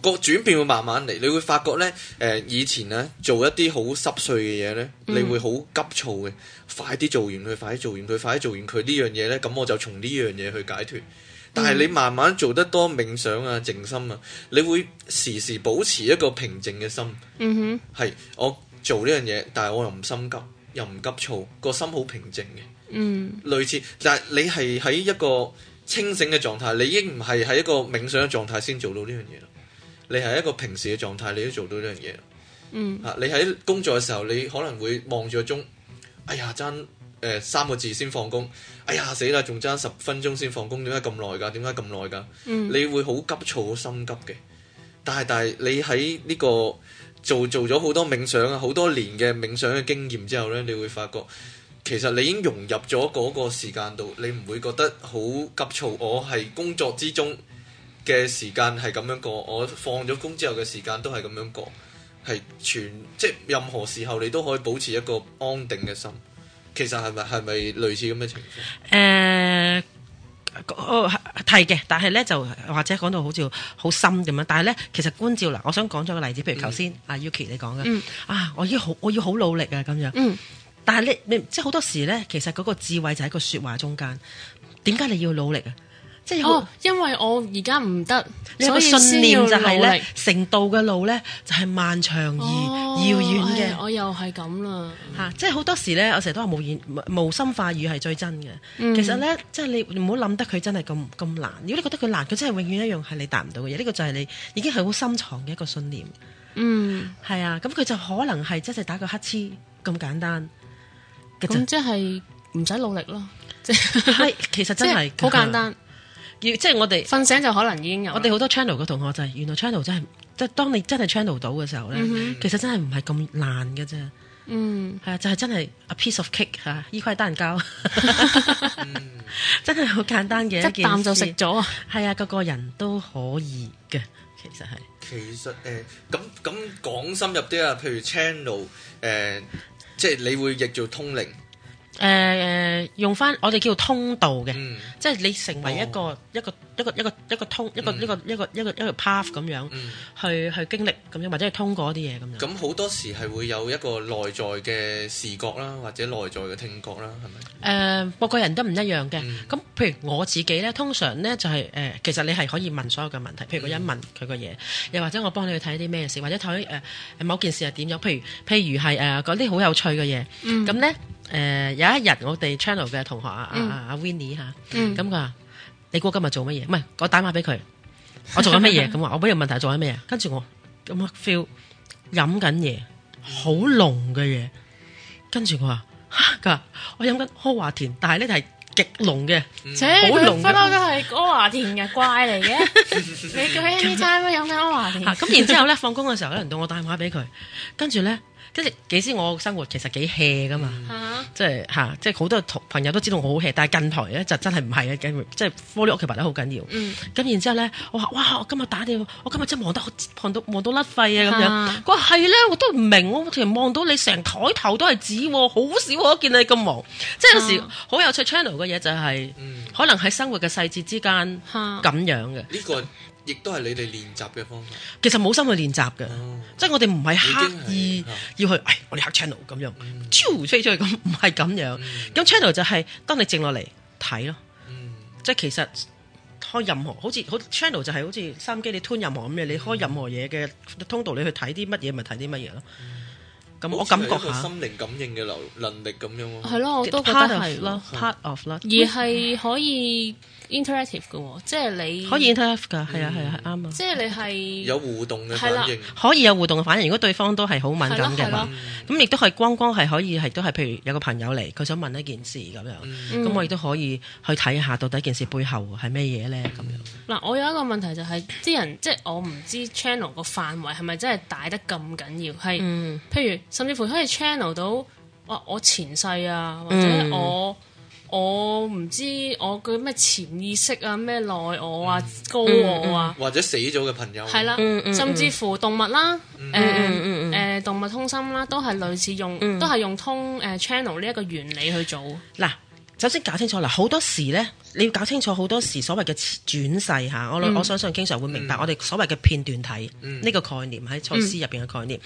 個轉變會慢慢嚟，你會發覺呢，誒、呃、以前呢，做一啲好濕碎嘅嘢呢，你會好急躁嘅、嗯，快啲做完佢，快啲做完佢，快啲做完佢呢樣嘢呢。咁我就從呢樣嘢去解脫。但係你慢慢做得多冥想啊、靜心啊，你會時時保持一個平靜嘅心。嗯哼，係，我做呢樣嘢，但係我又唔心急，又唔急躁，個心好平靜嘅。嗯，類似，就係你係喺一個清醒嘅狀態，你應唔係喺一個冥想嘅狀態先做到呢樣嘢。你係一個平時嘅狀態，你都做到呢樣嘢。嗯，嚇你喺工作嘅時候，你可能會望住個鐘，哎呀爭誒、呃、三個字先放工，哎呀死啦，仲爭十分鐘先放工，點解咁耐㗎？點解咁耐㗎？嗯，你會好急躁，好心急嘅。但係但係，這個，你喺呢個做做咗好多冥想啊，好多年嘅冥想嘅經驗之後咧，你會發覺其實你已經融入咗嗰個時間度，你唔會覺得好急躁。我係工作之中。嘅時間係咁樣過，我放咗工之後嘅時間都係咁樣過，係全即係任何時候你都可以保持一個安定嘅心。其實係咪係咪類似咁嘅情況？誒、呃，係、哦、嘅，但係呢就或者講到好似好深咁樣，但係呢，其實觀照啦，我想講咗個例子，譬如頭先阿、嗯啊、Yuki 你講嘅，嗯、啊我要好我要好努力啊咁樣，嗯、但係你你即係好多時呢，其實嗰個智慧就喺個説話中間，點解你要努力啊？即哦，因為我而家唔得，所以有個信念就係咧，成道嘅路咧就係漫長而遙遠嘅、哦。我又係咁啦嚇，嗯、即係好多時咧，我成日都話無言無心化語係最真嘅。其實咧，嗯、即係你唔好諗得佢真係咁咁難。如果你覺得佢難，佢真係永遠一樣係你達唔到嘅嘢。呢、呢個就係你已經係好深藏嘅一個信念。嗯，係啊，咁佢就可能係真係打個乞嗤咁簡單。咁、嗯、即係唔使努力咯，即係是 [laughs] 其實真係好 [laughs] 簡單。即係我哋瞓醒就可能已經有。我哋好多 channel 嘅同學就係原來 channel 真係即係當你真係 channel 到嘅時候咧，其實真係唔係咁難嘅啫。嗯，係啊，就係真係 a piece of cake 嚇，呢塊蛋糕真係好簡單嘅一件，一啖就食咗。係啊，個個人都可以嘅，其實係。其實誒，咁咁講深入啲啊，譬如 channel 誒，即係你會譯做通靈。誒用翻我哋叫通道嘅，即係你成為一個一個一個一個一個通一個一個一個一個一個 path 咁樣去去經歷咁樣，或者係通過一啲嘢咁樣。咁好多時係會有一個內在嘅視覺啦，或者內在嘅聽覺啦，係咪？誒，個個人都唔一樣嘅。咁譬如我自己咧，通常咧就係誒，其實你係可以問所有嘅問題，譬如我一問佢個嘢，又或者我幫你去睇啲咩事，或者睇誒某件事係點樣？譬如譬如係誒啲好有趣嘅嘢，咁咧。誒，有一日我哋 channel 嘅同學阿阿阿 Winnie 吓，咁佢話你估今日做乜嘢？唔係，我打電話俾佢，我做緊乜嘢？咁話我俾個問題做緊咩嘢？跟住我咁啊 feel 飲緊嘢，好濃嘅嘢。跟住佢話佢話我飲緊柯華田，但係咧係極濃嘅，好濃。不嬲都係柯華田嘅怪嚟嘅，你嗰啲 time 飲緊柯華田。咁然之後咧，放工嘅時候咧，輪到我打電話俾佢，跟住咧。跟住，幾知我生活其實幾 hea 噶嘛？即係嚇，即係好多同朋友都知道我好 hea，但係近台咧就真係唔係啊！即係玻璃屋其實好緊要。咁、嗯、然之後咧，我話：哇！我今日打電話，我今日真忙得好忙到忙到甩肺啊！咁樣。佢話、啊、係咧，我都唔明，我突然望到你成台頭都係紙，好少我見你咁忙。即係有時好有趣 channel 嘅嘢就係、是，嗯、可能喺生活嘅細節之間咁樣嘅。呢、啊這個。亦都係你哋練習嘅方法。其實冇心去練習嘅，即係我哋唔係刻意要去。唉，我哋黑 channel 咁樣，超飛出去咁，唔係咁樣。咁 channel 就係當你靜落嚟睇咯。即係其實開任何好似好 channel 就係好似三機你吞任何嘢，你開任何嘢嘅通道，你去睇啲乜嘢，咪睇啲乜嘢咯。咁我感覺下，心靈感應嘅流能力咁樣。係咯，我都覺得係咯，part of 啦，part of 啦，而係可以。interactive 嘅喎，即係你可以 interactive 㗎，係啊係啊係啱啊！即係你係有互動嘅反應，可以有互動嘅反應。如果對方都係好敏感嘅話，咁亦都係光光係可以係都係，譬如有個朋友嚟，佢想問一件事咁樣，咁我亦都可以去睇下到底件事背後係咩嘢呢。咁樣。嗱，我有一個問題就係啲人即係我唔知 channel 個範圍係咪真係大得咁緊要？係譬如甚至乎可以 channel 到哇我前世啊或者我。我唔知我嗰咩潛意識啊，咩內我啊，嗯、高我啊，嗯嗯、或者死咗嘅朋友，係啦，甚至乎動物啦，誒誒動物通心啦、啊，都係類似用，嗯、都係用通誒、uh, channel 呢一個原理去做嗱。首先搞清楚嗱，好多時咧，你要搞清楚好多時所謂嘅轉世嚇。我、嗯、我相信經常會明白、嗯、我哋所謂嘅片段體呢、嗯、個概念喺初施入邊嘅概念、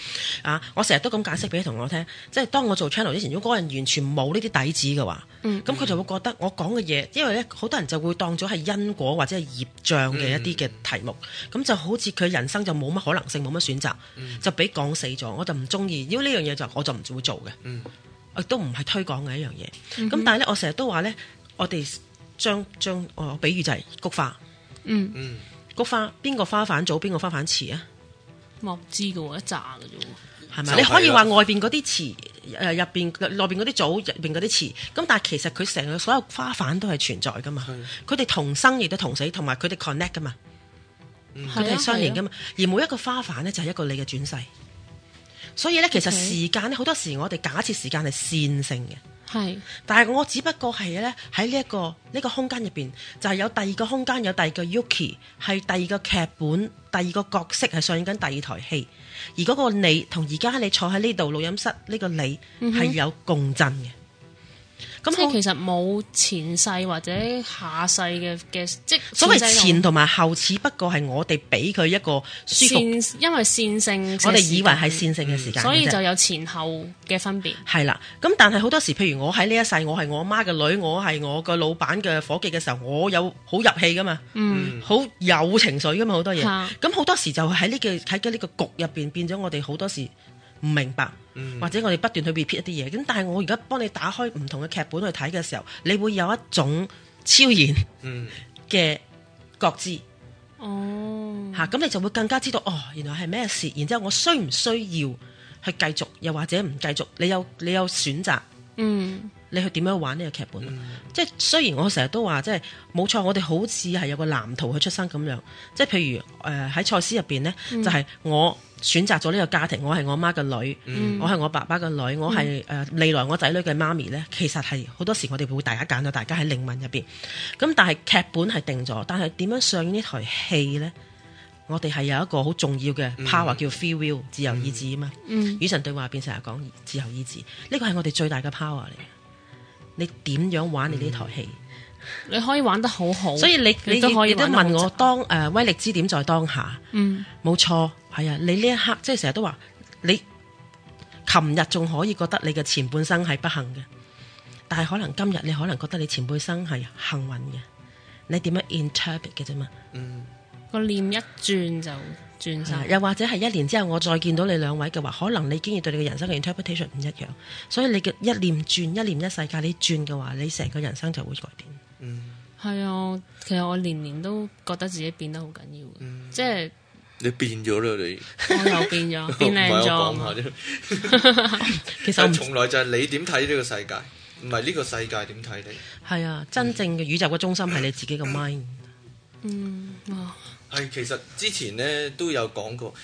嗯、啊。我成日都咁解釋俾你同我聽，嗯、即係當我做 channel 之前，如果嗰人完全冇呢啲底子嘅話，咁佢、嗯、就會覺得我講嘅嘢，因為咧好多人就會當咗係因果或者係業障嘅一啲嘅題目，咁、嗯、就好似佢人生就冇乜可能性，冇乜選擇，嗯、就俾講死咗。我就唔中意，因為呢樣嘢就我就唔會做嘅。嗯我都唔係推廣嘅一樣嘢，咁、嗯、哼但係咧，我成日都話咧，我哋將將我、呃、比喻就係菊花，嗯，菊花邊個花瓣早，邊個花瓣遲啊？莫知嘅喎，一紮嘅啫喎，係咪吧？你可以話外邊嗰啲遲，誒入邊內邊嗰啲早，入邊嗰啲遲，咁、呃呃、但係其實佢成個所有花瓣都係存在嘅嘛，佢哋、嗯、同生亦都同死，同埋佢哋 connect 嘅嘛，佢哋相連嘅嘛，而每一個花瓣咧就係一個你嘅轉世。所以咧，其實時間咧，好 Okay. 多時我哋假設時間係線性嘅，係是。但係我只不過係咧喺呢一個呢、這個空間入邊，就係、是、有第二個空間，有第二個 Yuki，係第二個劇本，第二個角色係上演緊第二台戲，而嗰個你同而家你坐喺呢度錄音室呢、這個你係有共振嘅。Mm hmm. 咁即其實冇前世或者下世嘅嘅，即所謂前同埋後，只不過係我哋俾佢一個線，因為線性，我哋以為係線性嘅時間，嗯，所以就有前後嘅分別。係啦，嗯，咁但係好多時，譬如我喺呢一世，我係我媽嘅女，我係我個老闆嘅夥計嘅時候，我有好入戲噶嘛，嗯，好有情緒噶嘛，好多嘢。咁好多時就喺呢、呢個喺呢個局入邊變咗，我哋好多時。唔明白，或者我哋不斷去 repeat 一啲嘢，咁但係我而家幫你打開唔同嘅劇本去睇嘅時候，你會有一種超然嘅覺知，哦、嗯，嚇、嗯，咁你就會更加知道哦，原來係咩事，然之後我需唔需要去繼續，又或者唔繼續，你有你有選擇，嗯，你去點樣玩呢個劇本？嗯、即係雖然我成日都話，即係冇錯，我哋好似係有個藍圖去出生咁樣，即係譬如誒喺賽斯入邊呢，嗯、就係我。選擇咗呢個家庭，我係我媽嘅女，嗯、我係我爸爸嘅女，我係誒未來我仔女嘅媽咪呢，其實係好多時我哋會大家揀咗，大家喺靈魂入邊。咁但係劇本係定咗，但係點樣上演呢台戲呢？我哋係有一個好重要嘅 power，嗯、叫 free will 自由意志啊嘛。與、嗯嗯、神對話入邊成日講自由意志，呢個係我哋最大嘅 power 嚟。你點樣玩你呢台戲？嗯你可以玩得好好，所以你你都可以問我當誒、呃、威力之點在當下，嗯，冇錯係啊。你呢一刻即係成日都話你琴日仲可以覺得你嘅前半生係不幸嘅，但係可能今日你可能覺得你前半生係幸運嘅。你點樣 interpret 嘅啫？嘛，嗯，個念一轉就轉晒，又或者係一年之後我再見到你兩位嘅話，可能你竟然對你嘅人生嘅 interpretation 唔一樣，所以你嘅一念轉一念一世界，你轉嘅話，你成個人生就會改變。嗯，係啊，其實我年年都覺得自己變得好緊要、嗯、即係是你變咗啦，你我又變咗， [laughs] 變靚咗啊！其實從來就係你點睇呢個世界，唔係呢個世界點睇你。係啊，真正嘅宇宙嘅中心係你自己嘅 mind。 [laughs] 嗯。係，其實之前咧都有講過，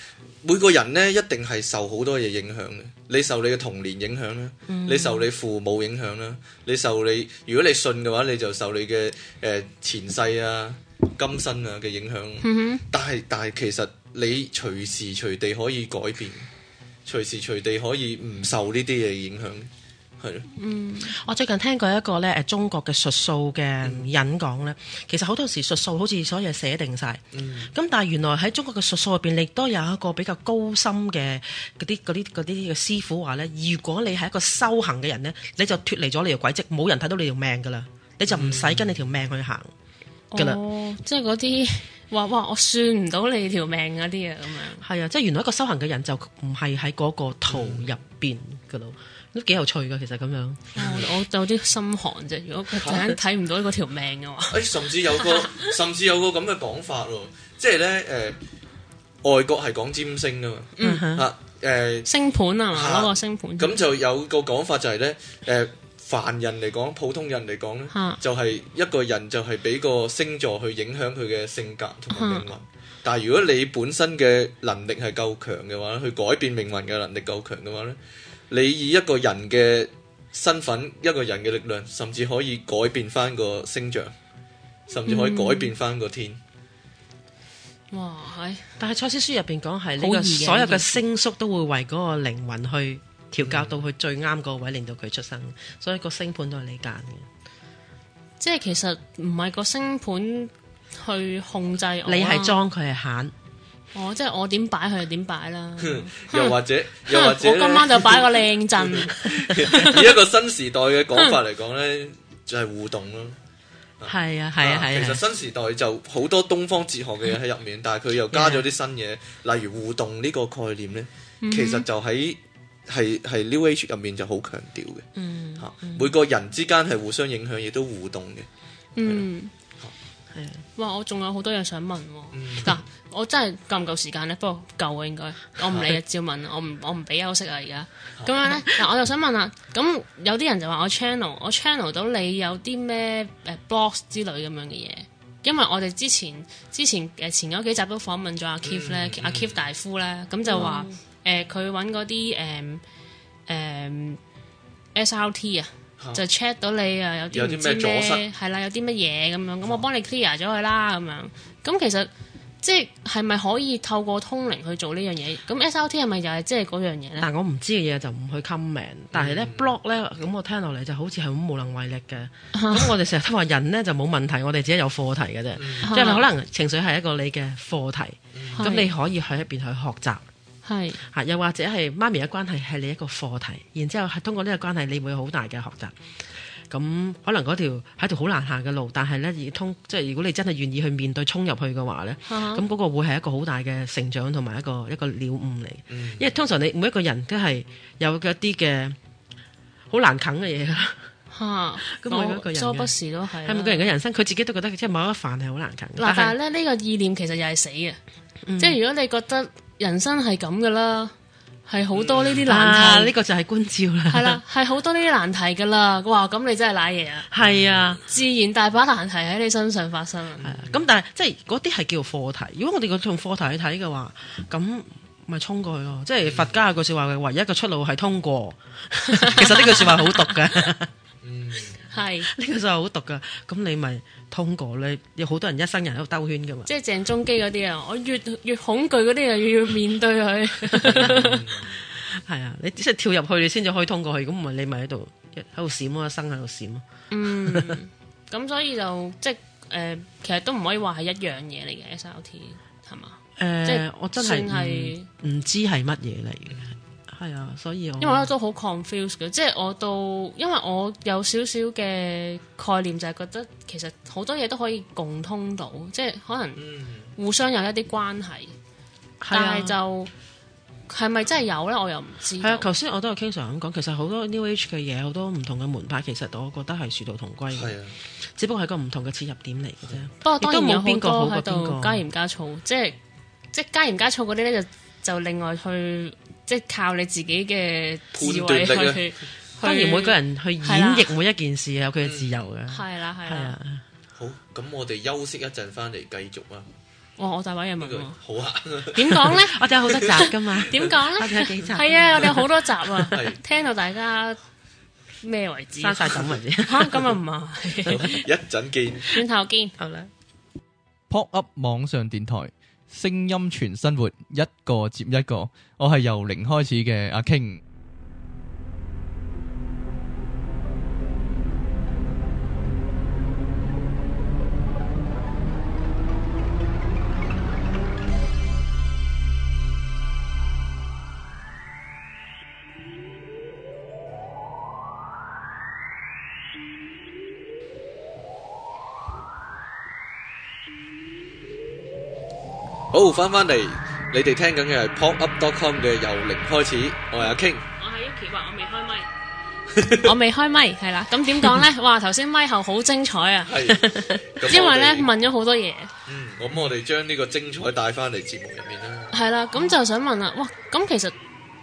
每個人咧一定係受好多嘢影響嘅。你受你嘅童年影響啦，嗯、你受你父母影響啦，你受你，如果你信嘅話，你就受你嘅誒、呃、前世啊、今生啊嘅影響、嗯哼。但係但係，其實你隨時隨地可以改變，隨時隨地可以唔受呢啲嘢影響。嗯，我最近聽過一個咧，誒，中國嘅術數嘅人講咧，其實好多時術數好似所有嘢寫定晒，咁、嗯、但係原來喺中國嘅術數入邊，亦都有一個比較高深嘅嗰啲嗰啲啲嘅師傅話咧，如果你係一個修行嘅人咧，你就脫離咗你條軌跡，冇人睇到你條命噶啦，你就唔使跟你條命去行噶啦，即係嗰啲話哇，我算唔到你條命嗰啲啊咁樣，係啊，即係原來一個修行嘅人就唔係喺嗰個圖入邊噶咯。嗯都幾有趣噶，其實咁樣。嗯、我有啲心寒啫， [laughs] 如果佢睇睇唔到嗰條命嘅話。誒、 [laughs] 哎，甚至有個甚至有個咁嘅講法咯，即係咧誒，外國係講占星噶嘛，吓誒。星盤吖嘛，攞、啊、個星盤、啊。咁、啊、就有個講法就係、是、咧，誒、呃，凡人嚟講，普通人嚟講咧，啊、就係一個人就係俾個星座去影響佢嘅性格同埋命運。但係如果你本身嘅能力係夠強嘅話咧，去改變命運嘅能力夠強嘅話咧。你以一個人嘅身份，一個人嘅力量，甚至可以改變翻個星象，甚至可以改變翻個天。嗯、哇！係、哎，但係賽斯書入邊講係你所有嘅星宿都會為嗰個靈魂去調校到佢最啱嗰位，令到佢出生。嗯、所以個星盤都係你揀嘅，即係其實唔係個星盤去控制、啊，你係裝佢係限。哦，即係我點擺佢就點擺啦，又或者又或者我今晚就擺個靚陣。以一個新時代嘅講法嚟講呢，就係互動咯。係啊係啊係啊，其實新時代就好多東方哲學嘅嘢喺入面，但係佢又加咗啲新嘢，例如互動呢個概念呢，其實就喺係係 New Age 入面就好強調嘅。嗯，吓每個人之間係互相影響，亦都互動嘅。嗯，係啊。哇，我仲有好多嘢想問。嗱，我真係夠唔夠時間呢？不過夠啊，應該，我唔理啊。 [laughs] 照問，我唔我唔俾休息啊。而家咁樣呢？嗱，我就想問啦。咁有啲人就話我 channel 我 channel 到你有啲咩誒 blocks 之類咁樣嘅嘢，因為我哋之前之前誒前嗰幾集都訪問咗阿 Kif 咧，阿 Kif 大夫咧，咁 [laughs] 就話誒佢揾嗰啲誒誒 SRT 啊，就 check 到你啊有啲有啲咩阻塞係啦，有啲乜嘢咁樣，咁我幫你 clear 咗佢啦，咁樣咁其實。即係咪可以透過通靈去做呢樣嘢？咁 S L T 係咪又係即係嗰樣嘢咧？但我唔知嘅嘢就唔去 comment 但。但係咧 block 咧，咁我聽落嚟就好似係好無能為力嘅。咁、啊、我哋成日聽話人咧就冇問題，我哋自己有課題嘅啫。即係、嗯、可能情緒係一個你嘅課題，咁、嗯、你可以喺一邊去學習係嚇，是又或者係媽咪嘅關係係你一個課題，然之後係通過呢個關係你會好大嘅學習。咁可能嗰條係條好難行嘅路，但係咧，而通即係如果你真係願意去面對衝入去嘅話咧，咁嗰、啊、個會係一個好大嘅成長同埋一個一個了悟嚟。嗯、因為通常你每一個人都係有一啲嘅好難啃嘅嘢啦。咁、啊、每一個人不時都係係每個人嘅人生，佢自己都覺得即係某一份係好難啃。嗱是，但係咧呢、這個意念其實又係死嘅，嗯、即係如果你覺得人生係咁嘅啦。係好多呢啲難題，呢、啊呢個就係觀照啦。係啦，係好多呢啲難題噶啦。佢話，咁你真係瀨嘢啊！係啊，自然大把難題喺你身上發生。係啊，咁、嗯嗯、但係即係嗰啲係叫課題。如果我哋用從課題去睇嘅話，咁咪衝過去咯。即係佛家個説話嘅唯一嘅出路係通過。嗯、 [laughs] 其實呢句説話好毒嘅。 [laughs] 嗯係呢個就係好毒噶，咁你咪通過咧？有好多人一生人喺度兜圈噶嘛。即係鄭中基嗰啲啊，我越越恐懼嗰啲，就越要面對佢。係 [laughs] [laughs] 啊，你即係跳入去，你先至可以通過去。咁唔係你咪喺度喺度閃咯，閃啊、一生喺度閃咯。 [laughs] 嗯，咁所以就即係誒、呃，其實都唔可以話係一樣嘢嚟嘅 S O T 係嘛？誒即，即係我真係唔是知係乜嘢嚟。係啊、哎，所以因為我都好 confused 嘅，即係我到，因為我有少少嘅概念就係覺得其實好多嘢都可以共通到，即係可能互相有一啲關係，嗯、但係就係咪、哎、呀真係有咧？我又唔知。係啊、哎，頭先我都有經常咁講，其實好多 New Age 嘅嘢，好多唔同嘅門派，其實我覺得係殊途同歸嘅，哎、呀只不過係個唔同嘅切入點嚟嘅啫。不過當然有好多喺度加鹽加醋，即係即係加鹽加醋嗰啲咧，就就另外去。即係靠你自己嘅智慧去，判斷力啦。當然每個人去演繹每一件事有佢嘅自由嘅。係啦，係啦。好，咁我哋休息一陣，翻嚟繼續啊。我我再揾嘢問好啊。點講咧？我哋有好多集噶嘛。點講咧？我哋有幾集？係啊，我哋有好多集啊。聽到大家咩位置？刪曬新聞先。今日唔啊。一陣見。轉頭見，好啦。Pop Up 網上電台。聲音全生活，一個接一個，我係由零開始嘅阿 king。好，翻翻嚟，你哋聽緊嘅係 popup.com 嘅由零開始，我係阿 King，我喺屋企話我未開麥， [laughs] 我未開麥，係啦，咁點講咧？ [laughs] 哇，頭先咪後好精彩啊！係 [laughs] ，因為咧，問咗好多嘢。嗯，咁、嗯、我哋將呢個精彩帶翻嚟節目入面啦。係啦，咁就想問啦，哇，咁其實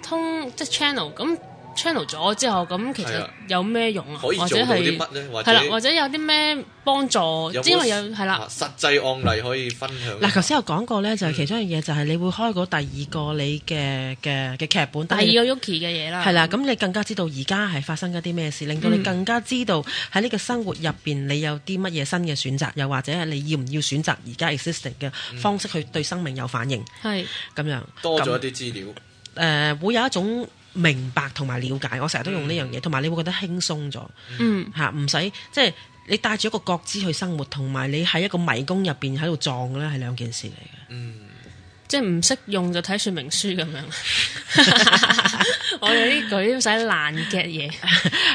通即係 channel 咁。channel 咗之後，咁其實有咩用啊？或者係係啦，了或者有啲咩幫助？因為有係啦。實際案例可以分享嗱。頭先有講過咧，就係、係、其中一樣嘢，就係你會開嗰第二個你嘅嘅嘅劇本。第二個 Yuki 嘅嘢啦。係啦，咁你更加知道而家係發生咗啲咩事，令到你更加知道喺呢個生活入邊你有啲乜嘢新嘅選擇，又或者係你要唔要選擇而家 existing 嘅方式去對生命有反應？係咁、嗯、樣。多咗一啲資料。誒、呃，會有一種。明白同埋了解，我成日都用呢樣嘢，同埋你會覺得輕鬆咗，吓，唔使即係你帶住一個角色去生活，同埋你喺一個迷宮入邊喺度撞咧，係兩件事嚟嘅。嗯，即係唔識用就睇說明書咁樣。我哋呢舉啲晒爛嘅嘢，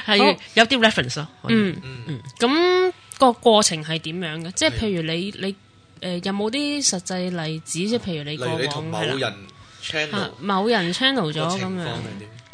係有啲 reference 咯。嗯嗯嗯。咁個過程係點樣嘅？即係譬如你你誒有冇啲實際例子？即係譬如你同某人 channel 某人 channel 咗咁樣。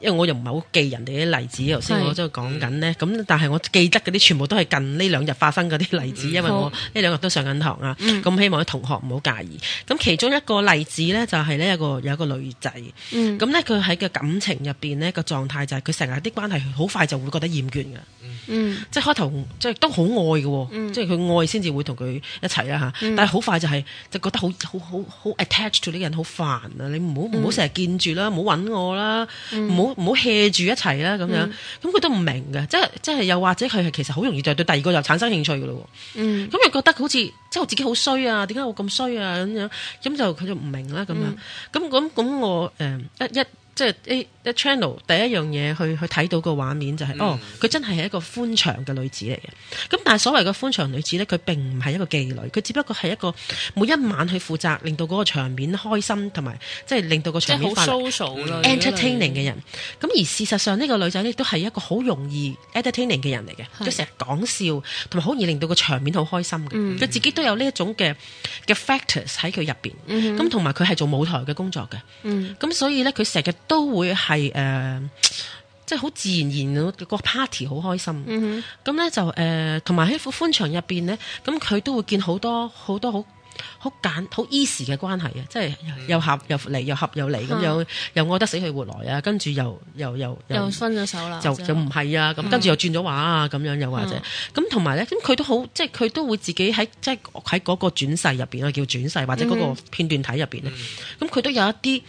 因為我又唔係好記人哋啲例子，頭先我都講緊咧，咁是但係我記得嗰啲全部都係近呢兩日發生嗰啲例子，嗯、因為我呢兩日都上緊堂啊，咁、嗯、希望啲同學唔好介意。咁其中一個例子咧，就係呢一個有一個女仔，咁咧佢喺個感情入邊呢個狀態就係佢成日啲關係好快就會覺得厭倦嘅，嗯、即係開頭、嗯、即係都好愛嘅，即係佢愛先至會同佢一齊啦嚇，但係好快就係就覺得好好好 attach to 呢個人好煩啊！你唔好唔好成日見住啦，唔好揾我啦，唔好。唔好 hea 住一齊啦，咁樣，咁佢、嗯、都唔明嘅，即係即係又或者佢係其實好容易就對第二個又產生興趣噶咯，嗯，咁又覺得好似即係我自己好衰啊，點解我咁衰啊咁樣，咁就佢就唔明啦，咁樣，咁咁咁我誒一、呃、一。一即係一一 channel 第一樣嘢去去睇到個畫面就係、是、哦，佢真係係一個歡場嘅女子嚟嘅。咁但係所謂嘅歡場女子咧，佢並唔係一個妓女，佢只不過係一個每一晚去負責令到嗰個場面開心同埋即係令到個場面。即係好 social 啦，entertaining 嘅人。咁而事實上呢、這個女仔咧都係一個好容易 entertaining 嘅人嚟嘅，佢成日講笑，同埋好易令到個場面好開心嘅。佢自己都有呢一種嘅嘅 factors 喺佢入邊。咁同埋佢係做舞台嘅工作嘅。咁所以咧，佢成日都會係誒、呃，即係好自然然、嗰個 party 好開心。咁咧、嗯、哼就誒，同埋喺副寬場入邊咧，咁佢都會見好多好多好好簡好 easy 嘅關係啊！即係又合又嚟，又合又嚟，咁樣，又愛、嗯、得死去活來啊！嗯、跟住又又又又分咗手啦，就就唔係啊！咁跟住又轉咗話啊！咁樣又或者咁，同埋咧，咁佢都好，即係佢都會自己喺即係喺嗰個轉世入邊啊，叫轉世或者嗰個片段體入邊咧，咁佢、嗯哼嗯、都有一啲。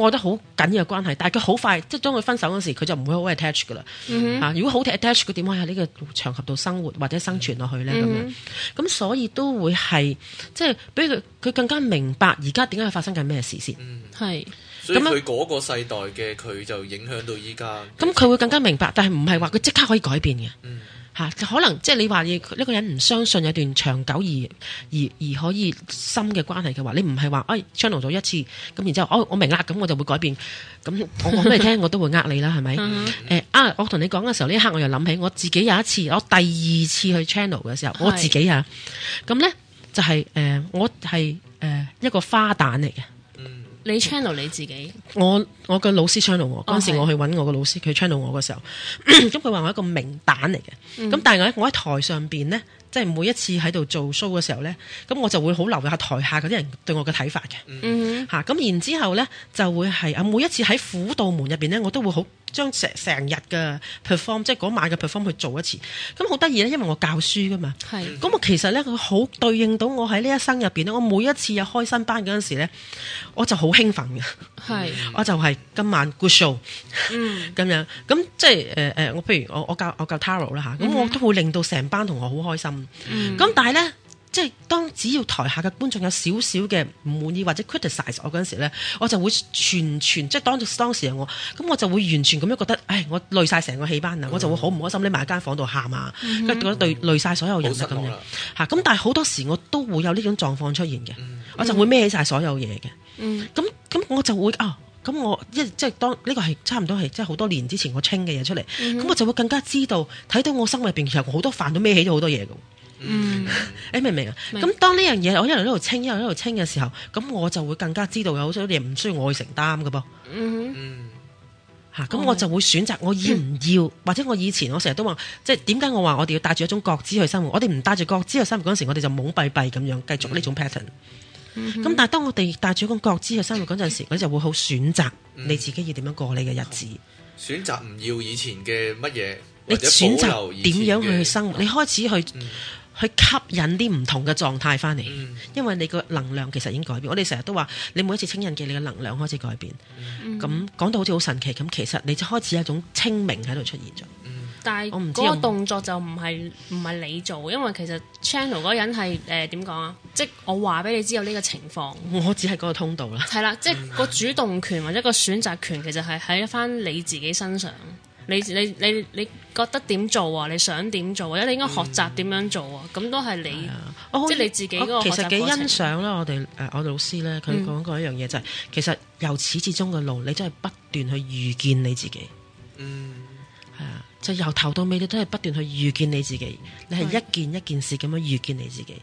我覺得好緊要嘅關係，但係佢好快，即係當佢分手嗰時，佢就唔會好係 attach 噶啦。吓、mm hmm. 啊，如果好貼 attach，佢點可以喺呢個場合度生活或者生存落去咧？咁、mm hmm. 所以都會係，即係俾佢佢更加明白而家點解發生緊咩事、mm hmm. 先係。所以佢嗰個世代嘅佢就影響到依家。咁佢、嗯嗯嗯、會更加明白，但係唔係話佢即刻可以改變嘅。Mm hmm. 吓，可能即係你話嘅呢個人唔相信有一段長久而而而可以深嘅關係嘅話，你唔係話哎 channel 咗一次，咁然之後我、哦、我明啦，咁我就會改變，咁我講俾你聽 [laughs] 我都會呃你啦，係咪？誒、 [laughs] 欸、啊，我同你講嘅時候呢一刻，我又諗起我自己有一次，我第二次去 channel 嘅時候，是我自己吓、啊，咁咧就係、是、誒、呃，我係誒、呃、一個花旦嚟嘅。你 channel 你自己，我我個老師 channel 我，嗰、oh，時我去揾我個老師，佢 channel 我嘅時候，咁佢話我一個名旦嚟嘅，咁、mm hmm. 但係我喺台上邊呢，即係每一次喺度做 show 嘅時候呢，咁我就會好留意下台下嗰啲人對我嘅睇法嘅，吓，咁然之後咧就會係啊，每一次喺輔、mm hmm. 啊、導門入邊呢，我都會好。將成成日嘅 perform，即係嗰晚嘅 perform 去做一次，咁好得意咧，因為我教書噶嘛。係是。咁我其實咧，佢好對應到我喺呢一生入邊咧，我每一次有開新班嗰陣時咧，我就好興奮嘅。係是。我就係今晚 good show。嗯。咁樣，咁即係誒誒，我譬如我我教我教 Taro 啦、啊、吓，咁、嗯、哼我都會令到成班同學好開心。咁、嗯、但係咧。即係當只要台下嘅觀眾有少少嘅唔滿意或者 criticise 我嗰陣時咧，我就會全全即係當作當時我，咁我就會完全咁樣覺得，唉，我累晒成個戲班啊，mm hmm. 我就會好唔開心，匿埋一間房度喊啊，hmm. 覺得累晒所有人咁、mm hmm. 樣咁、mm hmm. 但係好多時我都會有呢種狀況出現嘅，mm hmm. 我就會孭起晒所有嘢嘅。咁咁、mm hmm. 我就會啊，咁我即係當呢、這個係差唔多係即係好多年之前我清嘅嘢出嚟，咁、mm hmm. 我就會更加知道睇到我心裏入邊其實好多煩都孭起咗好多嘢。嗯，你、mm hmm. 欸、明唔明啊白？咁當呢樣嘢我一路喺度清，一路喺度清嘅時候，咁我就會更加知道有好多嘢唔需要我去承擔嘅噃。嗯，吓，咁我就會選擇我要唔要，mm hmm. 或者我以前我成日都話，即係點解我話我哋要帶住一種覺知去生活，我哋唔帶住覺知去生活嗰陣時，mm hmm. 時，我哋就懵閉閉咁樣繼續呢種 pattern。咁但係當我哋帶住一種覺知去生活嗰陣時，我就會好選擇你自己要點樣過你嘅日子，選擇唔要以前嘅乜嘢，或者你選擇點樣去生活，你開始去、mm。Hmm. 去吸引啲唔同嘅狀態翻嚟，嗯、因為你個能量其實已經改變。我哋成日都話，你每一次清印記，你嘅能量開始改變。咁講到好似好神奇咁，其實你就開始有一種清明喺度出現咗。嗯、但係嗰個動作就唔係唔係你做，因為其實 channel 嗰人係誒，點講啊？即係我話俾你知有呢個情況，我只係嗰個通道啦。係啦，即係個主動權或者個選擇權，其實係喺翻你自己身上。你你你你覺得點做啊？你想點做？或者你應該學習點樣做啊？咁、嗯、都係你，嗯、即係你自己個學習過程。其實幾欣賞啦，我哋誒、呃，我哋老師咧，佢講過一樣嘢、嗯、就係、是，其實由始至終嘅路，你真係不斷去遇見你自己。嗯，係啊，就由頭到尾，你都係不斷去遇見你自己。你係一件一件事咁樣遇見你自己，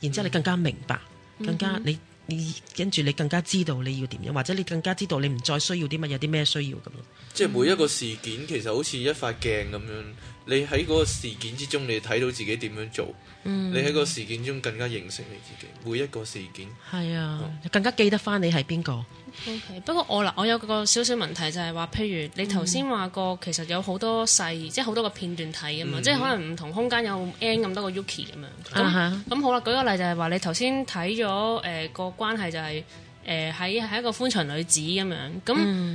然之後你更加明白，嗯、更加你。嗯你跟住你更加知道你要點樣，或者你更加知道你唔再需要啲乜，有啲咩需要咁樣。即係每一個事件其實好似一塊鏡咁樣。你喺嗰個事件之中，你睇到自己點樣做？嗯、你喺個事件中更加認識你自己。每一個事件，係啊，嗯、更加記得翻你係邊個。Okay, 不過我嗱，我有個少少問題就係、是、話，譬如你頭先話過，其實有好多細，即係好多個片段睇啊嘛，嗯、即係可能唔同空間有 N 咁多個 Yuki 咁樣。咁好啦，舉個例就係、是、話，你頭先睇咗誒個關係就係誒喺喺一個歡場女子咁樣。咁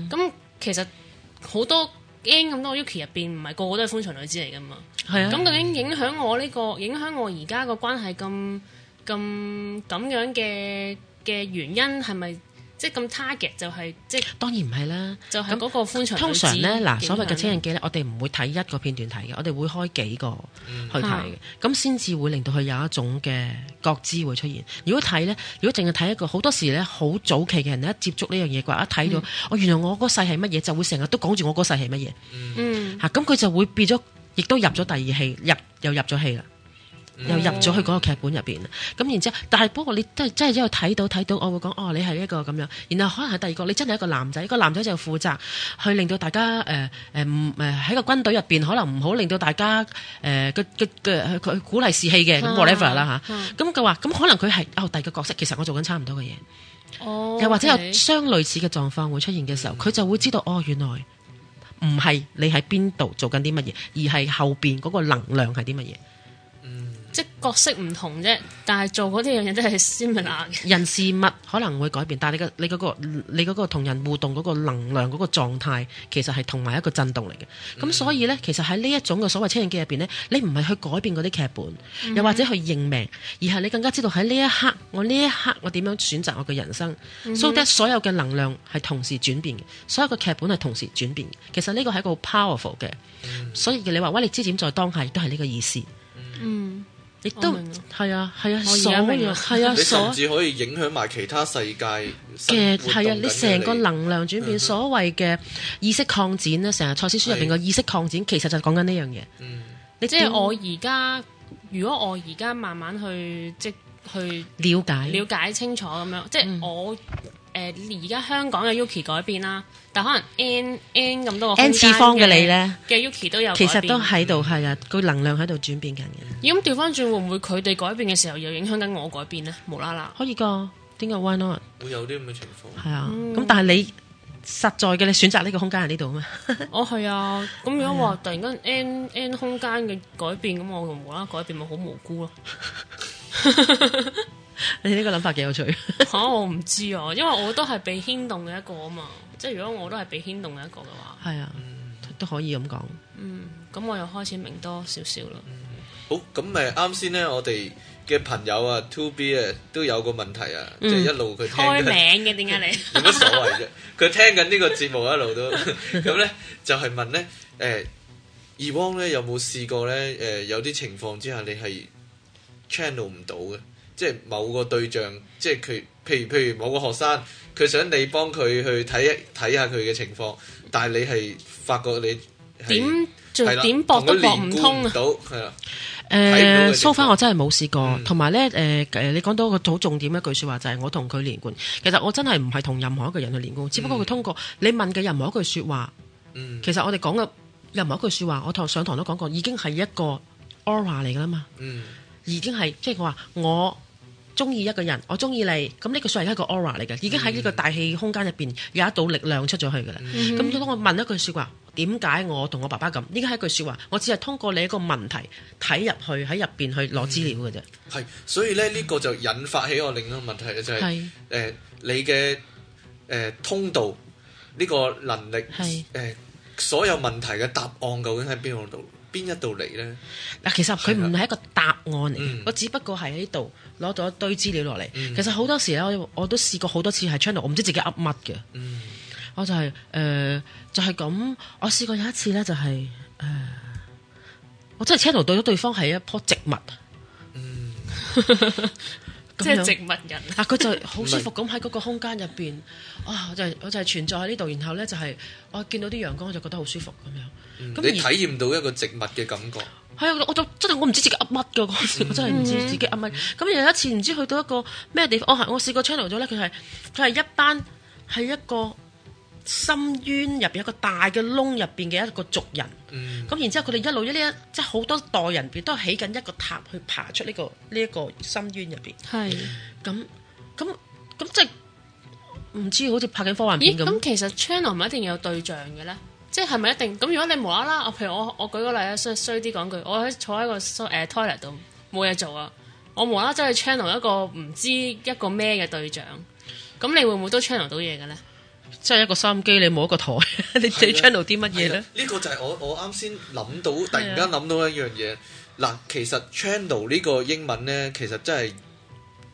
咁、嗯、其實好多。驚咁多 Yuki 入邊，唔係個個都係歡場女子嚟噶嘛？咁究竟影響我呢、這個影響我而家個關係咁咁咁樣嘅嘅原因係咪？係啊即係咁 target 就係、是、即係當然唔係啦，就係嗰個寬長。通常咧嗱，哪所謂嘅《青人記》咧，我哋唔會睇一個片段睇嘅，我哋會開幾個去睇嘅，咁先至會令到佢有一種嘅覺知會出現。如果睇咧，如果淨係睇一個，好多時咧好早期嘅人，一接觸呢樣嘢嘅話，一睇咗，哦，原來我嗰世係乜嘢，就會成日都講住我嗰世係乜嘢，嗯吓，咁佢、嗯啊、就會變咗，亦都入咗第二戲，入又入咗戲啦。又入咗去嗰個劇本入邊，咁、嗯、然後之後，但係不過你真真係有睇到睇到，我會講哦，你係一個咁樣。然後可能係第二個，你真係一個男仔，一個男仔就負責去令到大家誒誒唔喺個軍隊入邊可能唔好令到大家誒、呃、鼓勵士氣嘅咁 whatever 啦嚇。咁佢話咁可能佢係、哦、第二個角色，其實我做緊差唔多嘅嘢，又 Okay. 或者有相類似嘅狀況會出現嘅時候，佢就會知道哦，哦，原來唔係你喺邊度做緊啲乜嘢，而係後邊嗰個能量係啲乜嘢。即角色唔同啫，但係做嗰啲樣嘢都係 similar 嘅。人事物可能會改變，但係你，你、嗰個你嗰個你個同人互動嗰個能量嗰、嗰個狀態，其實係同埋一個震動嚟嘅。咁、mm hmm. 所以呢，其實喺呢一種嘅所謂《千人記》入邊呢，你唔係去改變嗰啲劇本，又或者去認命，而係你更加知道喺呢一刻，我呢一刻我點樣選擇我嘅人生。so、mm hmm. 所，所有嘅能量係同時轉變嘅，所有嘅劇本係同時轉變嘅。其實呢個係一個好 powerful 嘅。Mm hmm. 所以你話，威力之點在當下，亦都係呢個意思。嗯、mm。Hmm. Mm hmm. 亦都係啊，係啊，所係啊，你甚至可以影響埋其他世界嘅，係啊，你成個能量轉變，所謂嘅意識擴展咧，成日賽斯書入邊個意識擴展，其實就講緊呢樣嘢。嗯，你即係我而家，如果我而家慢慢去即去了解、了解清楚咁樣，即係我。誒而家香港嘅 Yuki 改變啦，但可能 n n 咁多個 n 次方嘅你呢嘅 Yuki 都有，其實都喺度係啊，個能量喺度轉變緊嘅。咁調翻轉會唔會佢哋改變嘅時候又影響緊我改變咧？無啦啦，可以噶，點解 Why not？會有啲咁嘅情況係啊。咁、嗯嗯、但係你實在嘅，你選擇呢個空間喺呢度啊嘛。我 [laughs] 係、哦、啊。咁如果話突然間 n n 空間嘅改變，咁我仲無啦啦改變，咪好無辜咯。你呢個諗法幾有趣吓、啊？我唔知啊，因為我都係被牽動嘅一個啊嘛。即係如果我都係被牽動嘅一個嘅話，係啊、嗯，都可以咁講。嗯，咁我又開始明多少少啦。好、嗯，咁咪啱先咧，我哋嘅朋友啊，To B 咧都有個問題啊，即係、嗯、一路佢開名嘅，點解嚟？有乜所謂啫？佢聽緊呢個節目一路都咁咧，就係問咧，誒 Ewan 咧有冇試過咧？誒，有啲情況之下你係 channel 唔到嘅。即係某個對象，即係佢，譬如譬如某個學生，佢想你幫佢去睇一睇下佢嘅情況，但係你係發覺你點著點駁都駁唔通啊！誒，蘇芬，我真係冇試過，同埋咧誒誒，你講到個好重點一句説話，就係我同佢連貫，其實我真係唔係同任何一個人去連貫，只不過佢通過你問嘅任何一句説話，其實我哋講嘅任何一句説話，我同上堂都講過，已經係一個 Aura 嚟噶啦嘛，已經係即係我話我，中意一個人，我中意你，咁呢個算係一個 aura 嚟嘅，已經喺呢個大氣空間入邊有一道力量出咗去嘅啦。咁當、嗯、哼我問一句説話，點解我同我爸爸咁？呢個係一句説話，我只係通過你一個問題睇入去喺入邊去攞資料嘅啫。係，所以咧呢個就引發起我另一個問題咧，就係、是、誒是、呃、你嘅誒、呃、通道呢、呢個能力，誒是、呃、所有問題嘅答案究竟喺邊度？邊一度嚟咧？嗱，其實佢唔係一個答案嚟，嗯、我只不過係喺度攞咗一堆資料落嚟。嗯、其實好多時咧，我我都試過好多次喺 channel，我唔知自己噏乜嘅。我就係誒，就係咁。我試過有一次咧、就係，就係誒，我真係 channel 對咗對方係一棵植物。嗯。 [laughs] 即係植物人，嗱 [laughs] 佢就好舒服咁喺嗰個空間入邊，是啊就我就係、是、存在喺呢度，然後咧就係、是、我見到啲陽光，我就覺得好舒服咁樣。嗯，樣你體驗到一個植物嘅感覺。係啊、嗯，我就真係我唔知自己噏乜嘅嗰時，我真係唔知自己噏乜。咁有一次唔知去到一個咩地方，我係我試過 channel 咗咧，佢係佢係一班係一個。深淵入邊一個大嘅窿入邊嘅一個族人，咁然之後佢哋一路一呢一即係好多代人，入邊都起緊一個塔去爬出呢個呢一個深淵入邊。係咁咁咁，即係唔知好似拍緊科幻片咁。其實 channel 唔一定有對象嘅咧？即係咪一定咁？如果你無啦啦，譬如我我舉個例啊，衰衰啲講句，我喺坐喺個誒 toilet 度冇嘢做啊，我無啦啦走去 channel 一個唔知一個咩嘅對象，咁你會唔會都 channel 到嘢嘅咧？即係一個收音機，你冇一個台， [laughs] 你你 channel 啲乜嘢咧？呢、啊啊呢個就係我我啱先諗到，突然間諗到一樣嘢。嗱、啊，其實 channel 呢個英文呢，其實真係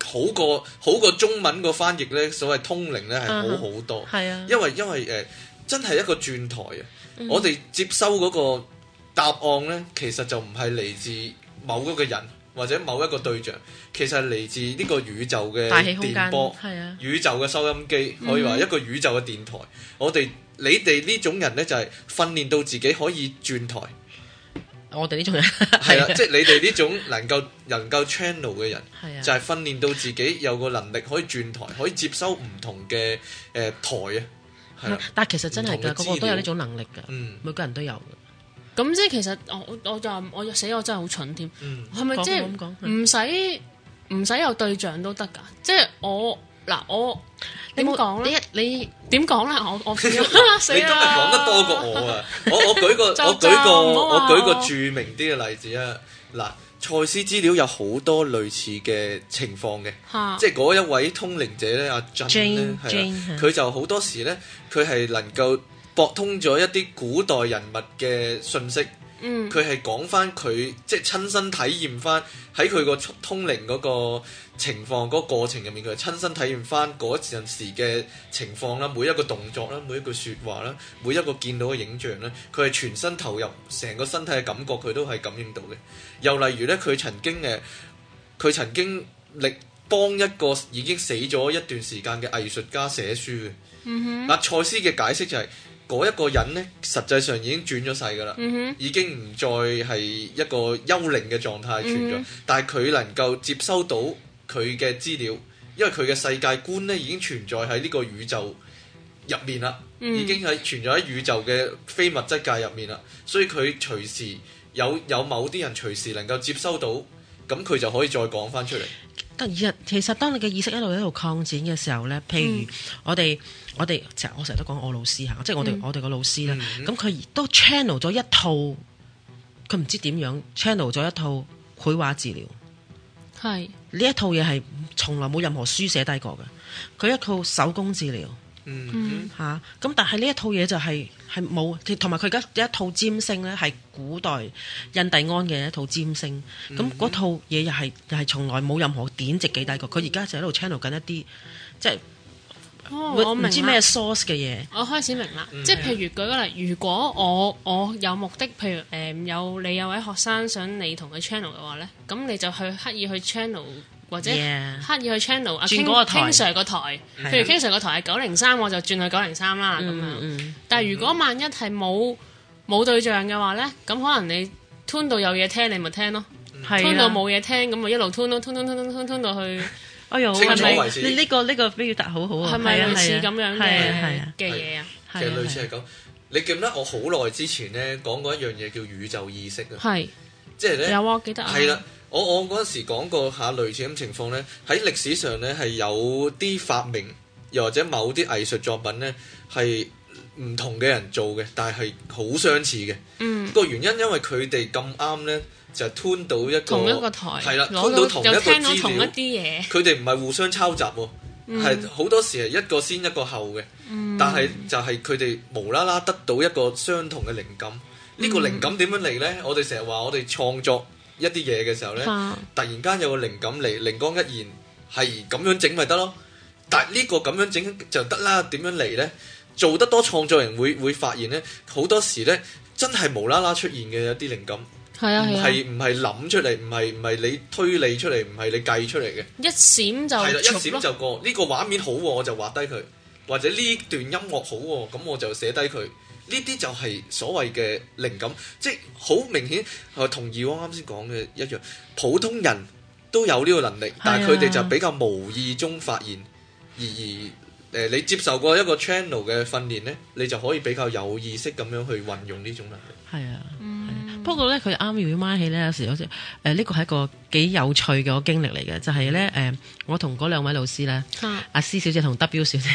好過好過中文個翻譯呢。所謂通靈呢，係好好多。係啊，啊因，因為因為誒，真係一個轉台啊！嗯、我哋接收嗰個答案呢，其實就唔係嚟自某一個人。或者某一個對象，其實嚟自呢個宇宙嘅電波，宇宙嘅收音機，嗯、可以話一個宇宙嘅電台。嗯、我哋你哋呢種人呢，就係訓練到自己可以轉台。我哋呢種人係 [laughs] 啊，即、就、係、是、你哋呢種能夠 [laughs] 能夠 channel 嘅人，啊、就係訓練到自己有個能力可以轉台，可以接收唔同嘅誒、呃、台啊。但係其實真係噶，個個都有呢種能力噶，嗯、每個人都有。咁即係其實我我就我死我真係好蠢添，係咪即係唔使唔使有對象都得噶？即係我嗱我你點講咧？你點講啦？我我你今日講得多過我啊！我我舉個我舉個我舉個著名啲嘅例子啊！嗱，賽斯資料有好多類似嘅情況嘅，即係嗰一位通靈者咧，阿俊，佢就好多時咧，佢係能夠。博通咗一啲古代人物嘅信息。嗯，佢係講翻佢即係親身體驗翻喺佢個通靈嗰個情況嗰個過程入面，佢係親身體驗翻嗰陣時嘅情況啦，每一個動作啦，每一句說話啦，每一個見到嘅影像咧，佢係全身投入，成個身體嘅感覺，佢都係感應到嘅。又例如咧，佢曾經誒，佢曾經力幫一個已經死咗一段時間嘅藝術家寫書嘅。嗯哼。阿賽斯嘅解釋就係。嗰一個人呢，實際上已經轉咗世噶啦，mm hmm. 已經唔再係一個幽靈嘅狀態存在，mm hmm. 但係佢能夠接收到佢嘅資料，因為佢嘅世界觀呢已經存在喺呢個宇宙入面啦，mm hmm. 已經係存在喺宇宙嘅非物質界入面啦，所以佢隨時有有某啲人隨時能夠接收到，咁佢就可以再講翻出嚟。第二日其實當你嘅意識一路一路擴展嘅時候咧，譬如我哋、嗯、我哋成我成日都講我老師嚇，即、就、係、是、我哋、嗯、我哋個老師啦。咁佢、嗯、都 channel 咗一套，佢唔知點樣 channel 咗一套繪畫治療，係呢是一套嘢係從來冇任何書寫低過嘅，佢一套手工治療。嗯吓，咁、mm hmm. 啊、但係呢一套嘢就係係冇，同埋佢而家一套占星咧，係古代印第安嘅一套占星。咁嗰、mm hmm. 套嘢又係又係從來冇任何典籍記低過。佢而家就喺度 channel 緊一啲，即係我唔知咩 source 嘅嘢。我開始明啦，嗯、即係譬如舉個例，如果我我有目的，譬如誒、呃、有你有位學生想你同佢 channel 嘅話咧，咁你就去刻意去 channel。或者刻意去 channel 啊，轉嗰個台，譬如經常個台係九零三，我就轉去九零三啦。咁樣。但係如果萬一係冇冇對象嘅話咧，咁可能你 turn 到有嘢聽，你咪聽咯。turn 到冇嘢聽，咁咪一路 turn 咯到去。哎唷，係咪？你呢個呢個表達好好啊。係咪啊？係。類似咁樣嘅嘅嘢啊。其實類似係咁。你記唔記得我好耐之前咧講過一樣嘢叫宇宙意識啊？係。即係咧。有啊，記得啊。係啦。我我嗰陣時講過下類似咁情況呢，喺歷史上呢，係有啲發明，又或者某啲藝術作品呢，係唔同嘅人做嘅，但係好相似嘅。嗯，個原因因為佢哋咁啱呢，就係 turn 到一個同一個台，係啦，turn 到同一個資料，同一啲嘢。佢哋唔係互相抄襲喎，係好、嗯、多時係一個先一個後嘅，嗯、但係就係佢哋無啦啦得到一個相同嘅靈感。呢個靈感點樣嚟呢？我哋成日話我哋創作一啲嘢嘅時候呢，啊、突然間有個靈感嚟，靈光一現，係咁樣整咪得咯。但呢個咁樣整就得啦。點樣嚟呢？做得多創作人，會會發現呢，好多時呢，真係無啦啦出現嘅有啲靈感，係啊，係唔係諗出嚟？唔係唔係你推理出嚟，唔係你計出嚟嘅。一閃就係啦，一閃就過。呢了個畫面好、喎，我就畫低佢；或者呢段音樂好、喎，咁我就寫低佢。呢啲就係所謂嘅靈感，即係好明顯，同意我啱先講嘅一樣，普通人都有呢個能力，啊、但係佢哋就比較無意中發現，而而、呃、你接受過一個 channel 嘅訓練呢，你就可以比較有意識咁樣去運用呢種能力。係啊。嗯不過咧，佢啱啱要買起咧，有時有時誒，呢個係一個幾有趣嘅經歷嚟嘅，就係咧誒，我同嗰兩位老師咧，阿、啊啊、C 小姐同 W 小姐，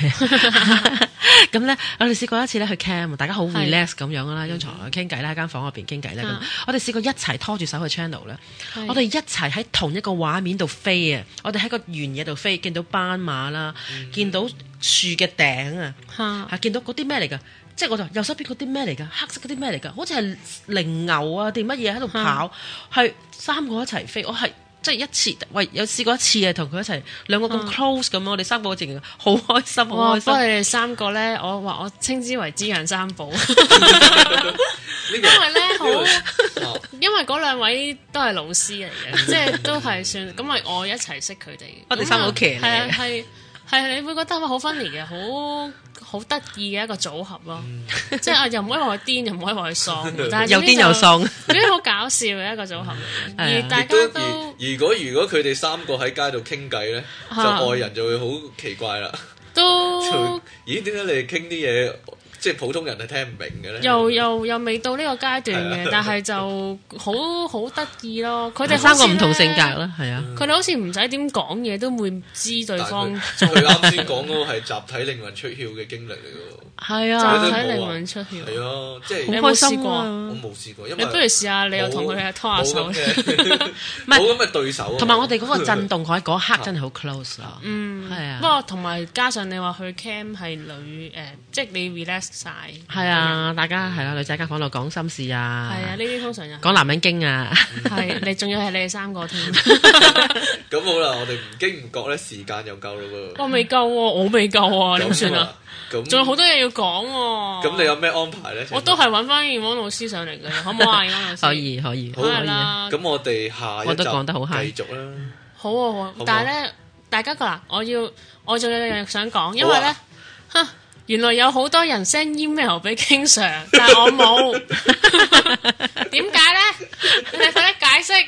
咁咧 [laughs] [laughs] [laughs] 我哋試過一次咧去 camp，大家好 relax 咁樣啦，張是床度傾偈啦，房間房入邊傾偈咧，咁是我哋試過一齊拖住手去 channel 咧是，我哋一齊喺同一個畫面度飛啊，我哋喺個原野度飛，見到斑馬啦，見到樹嘅頂啊，啊見到嗰啲咩嚟㗎？即係我就右手邊嗰啲咩嚟噶？黑色嗰啲咩嚟噶？好似係靈牛啊定乜嘢喺度跑？係、嗯、三個一齊飛，我係即係一次喂有試過一次啊，同佢一齊兩個咁 close 咁，嗯、我哋三個自然好開心，好開心。我哋三個咧，我話我稱之為知人三寶、嗯， [laughs] [laughs] 因為咧好，因為嗰兩位都係老師嚟嘅，即係都係算咁咪我一齊識佢哋。我哋三個好騎嘅，係係你會覺得好分離嘅好。好得意嘅一個組合咯，即係又唔可以話佢癲，又唔可以話佢喪，又癲又喪，呢啲好搞笑嘅一個組合。而大家都如果如果佢哋三個喺街度傾偈咧，嗯、就外人就會好奇怪啦。都咦？點解你哋傾啲嘢？即係普通人係聽唔明嘅咧，又又又未到呢個階段嘅，但係就好好得意咯。佢哋三個唔同性格咯，係啊，佢哋好似唔使點講嘢都會知對方。佢啱先講嗰個係集體靈魂出竅嘅經歷嚟嘅喎，係啊，集體靈魂出竅係啊，即係。你有冇試過？我冇試過，因為你不如試下你又同佢拖下手。唔係，冇咁嘅對手。同埋我哋嗰個震動喺嗰刻真係好 close 啊。嗯，係啊。不過同埋加上你話佢 cam 係女誒，即係你晒，係啊，大家係啦，女仔間房度講心事啊，係啊，呢啲通常又講男人經啊，係，你仲要係你哋三個添。咁好啦，我哋唔經唔覺咧，時間又夠咯喎。我未夠，我未夠啊，點算啊？咁仲有好多嘢要講，咁你有咩安排咧？我都係揾翻互聯網老師上嚟嘅，好唔好啊？互聯網老師可以可以。好啦，咁我哋下一集講得好，繼續啦。好啊好，但係咧，大家嗱，我要我仲有樣嘢想講，因為咧，哼。原來有好多人 send email 俾經常，但係我冇，點解呢？你快啲解釋，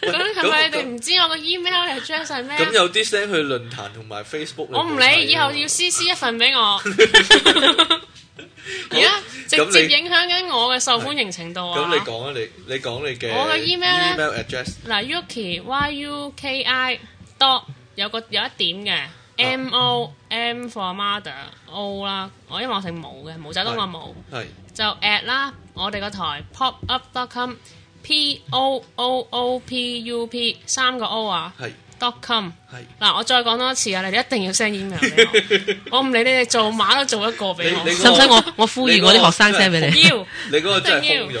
咁係咪你唔知我個 email address 咩？咁有啲 send 去論壇同埋 Facebook。我唔理，以後要 CC 一份俾我。而家直接影響緊我嘅受歡迎程度啊！咁你講啊，你你講你嘅我嘅 email email address。嗱，Yuki Y U K I dog，有個有一點嘅。M O M for mother O 啦，我因為我姓毛嘅，毛澤東個毛，就 at 啦，我哋個台 pop up dot com P O O O P U P 三個 O 啊，dot com，嗱，我再講多一次啊，你哋一定要 send email 俾我，我唔理你哋做馬都做一個俾我，使唔使我我呼籲我啲學生 send 俾你，你嗰個真係好咗。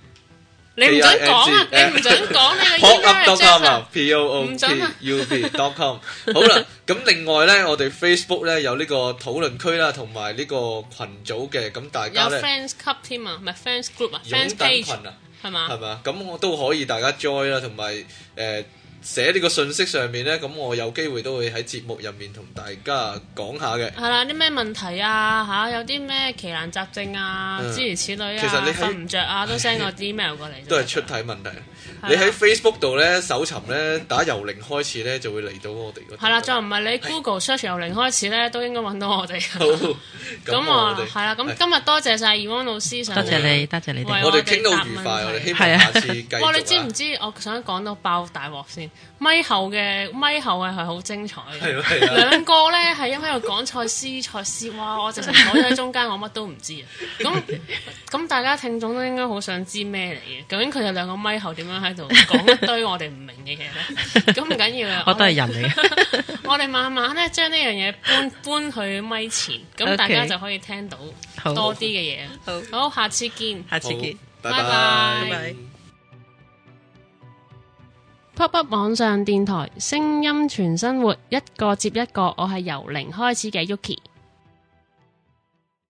你唔准講啊！你唔准講呢個應該係真相。唔准啊！P O O P U P dot com。好啦，咁另外咧，我哋 Facebook 咧有呢個討論區啦，同埋呢個群組嘅，咁大家咧有 fans club 添啊，唔係 fans group 啊，fans page 啊，係嘛？係咪？咁都可以大家 join 啦，同埋誒。寫呢個信息上面咧，咁我有機會都會喺節目入面同大家講下嘅。係啦，啲咩問題啊？嚇，有啲咩奇難雜症啊？諸如此類啊，其實你瞓唔着啊，都 send 個 email 過嚟。都係出體問題。你喺 Facebook 度咧搜尋咧，打由零開始咧，就會嚟到我哋嗰。係啦，再唔係你 Google search 由零開始咧，都應該揾到我哋。都咁啊，係啦，咁今日多謝晒二汪老師上嚟，多謝你，多謝你，我哋傾到愉快，我哋希望下次繼續啦。哦，你知唔知我想講到爆大鑊先？咪後嘅咪後嘅係好精彩嘅，兩個呢係喺度講菜詩菜詩，哇！我直情坐咗喺中間，我乜都唔知啊。咁咁，大家聽眾都應該好想知咩嚟嘅？究竟佢哋兩個咪後點樣喺度講一堆我哋唔明嘅嘢呢？咁唔緊要啊，我都係人嚟嘅。我哋慢慢咧將呢樣嘢搬搬去咪前，咁、okay. 大家就可以聽到多啲嘅嘢。好,好,好,好，下次見，下次見，拜拜。酷北網上電台，聲音全生活，一個接一個，我係由零開始嘅 Yuki。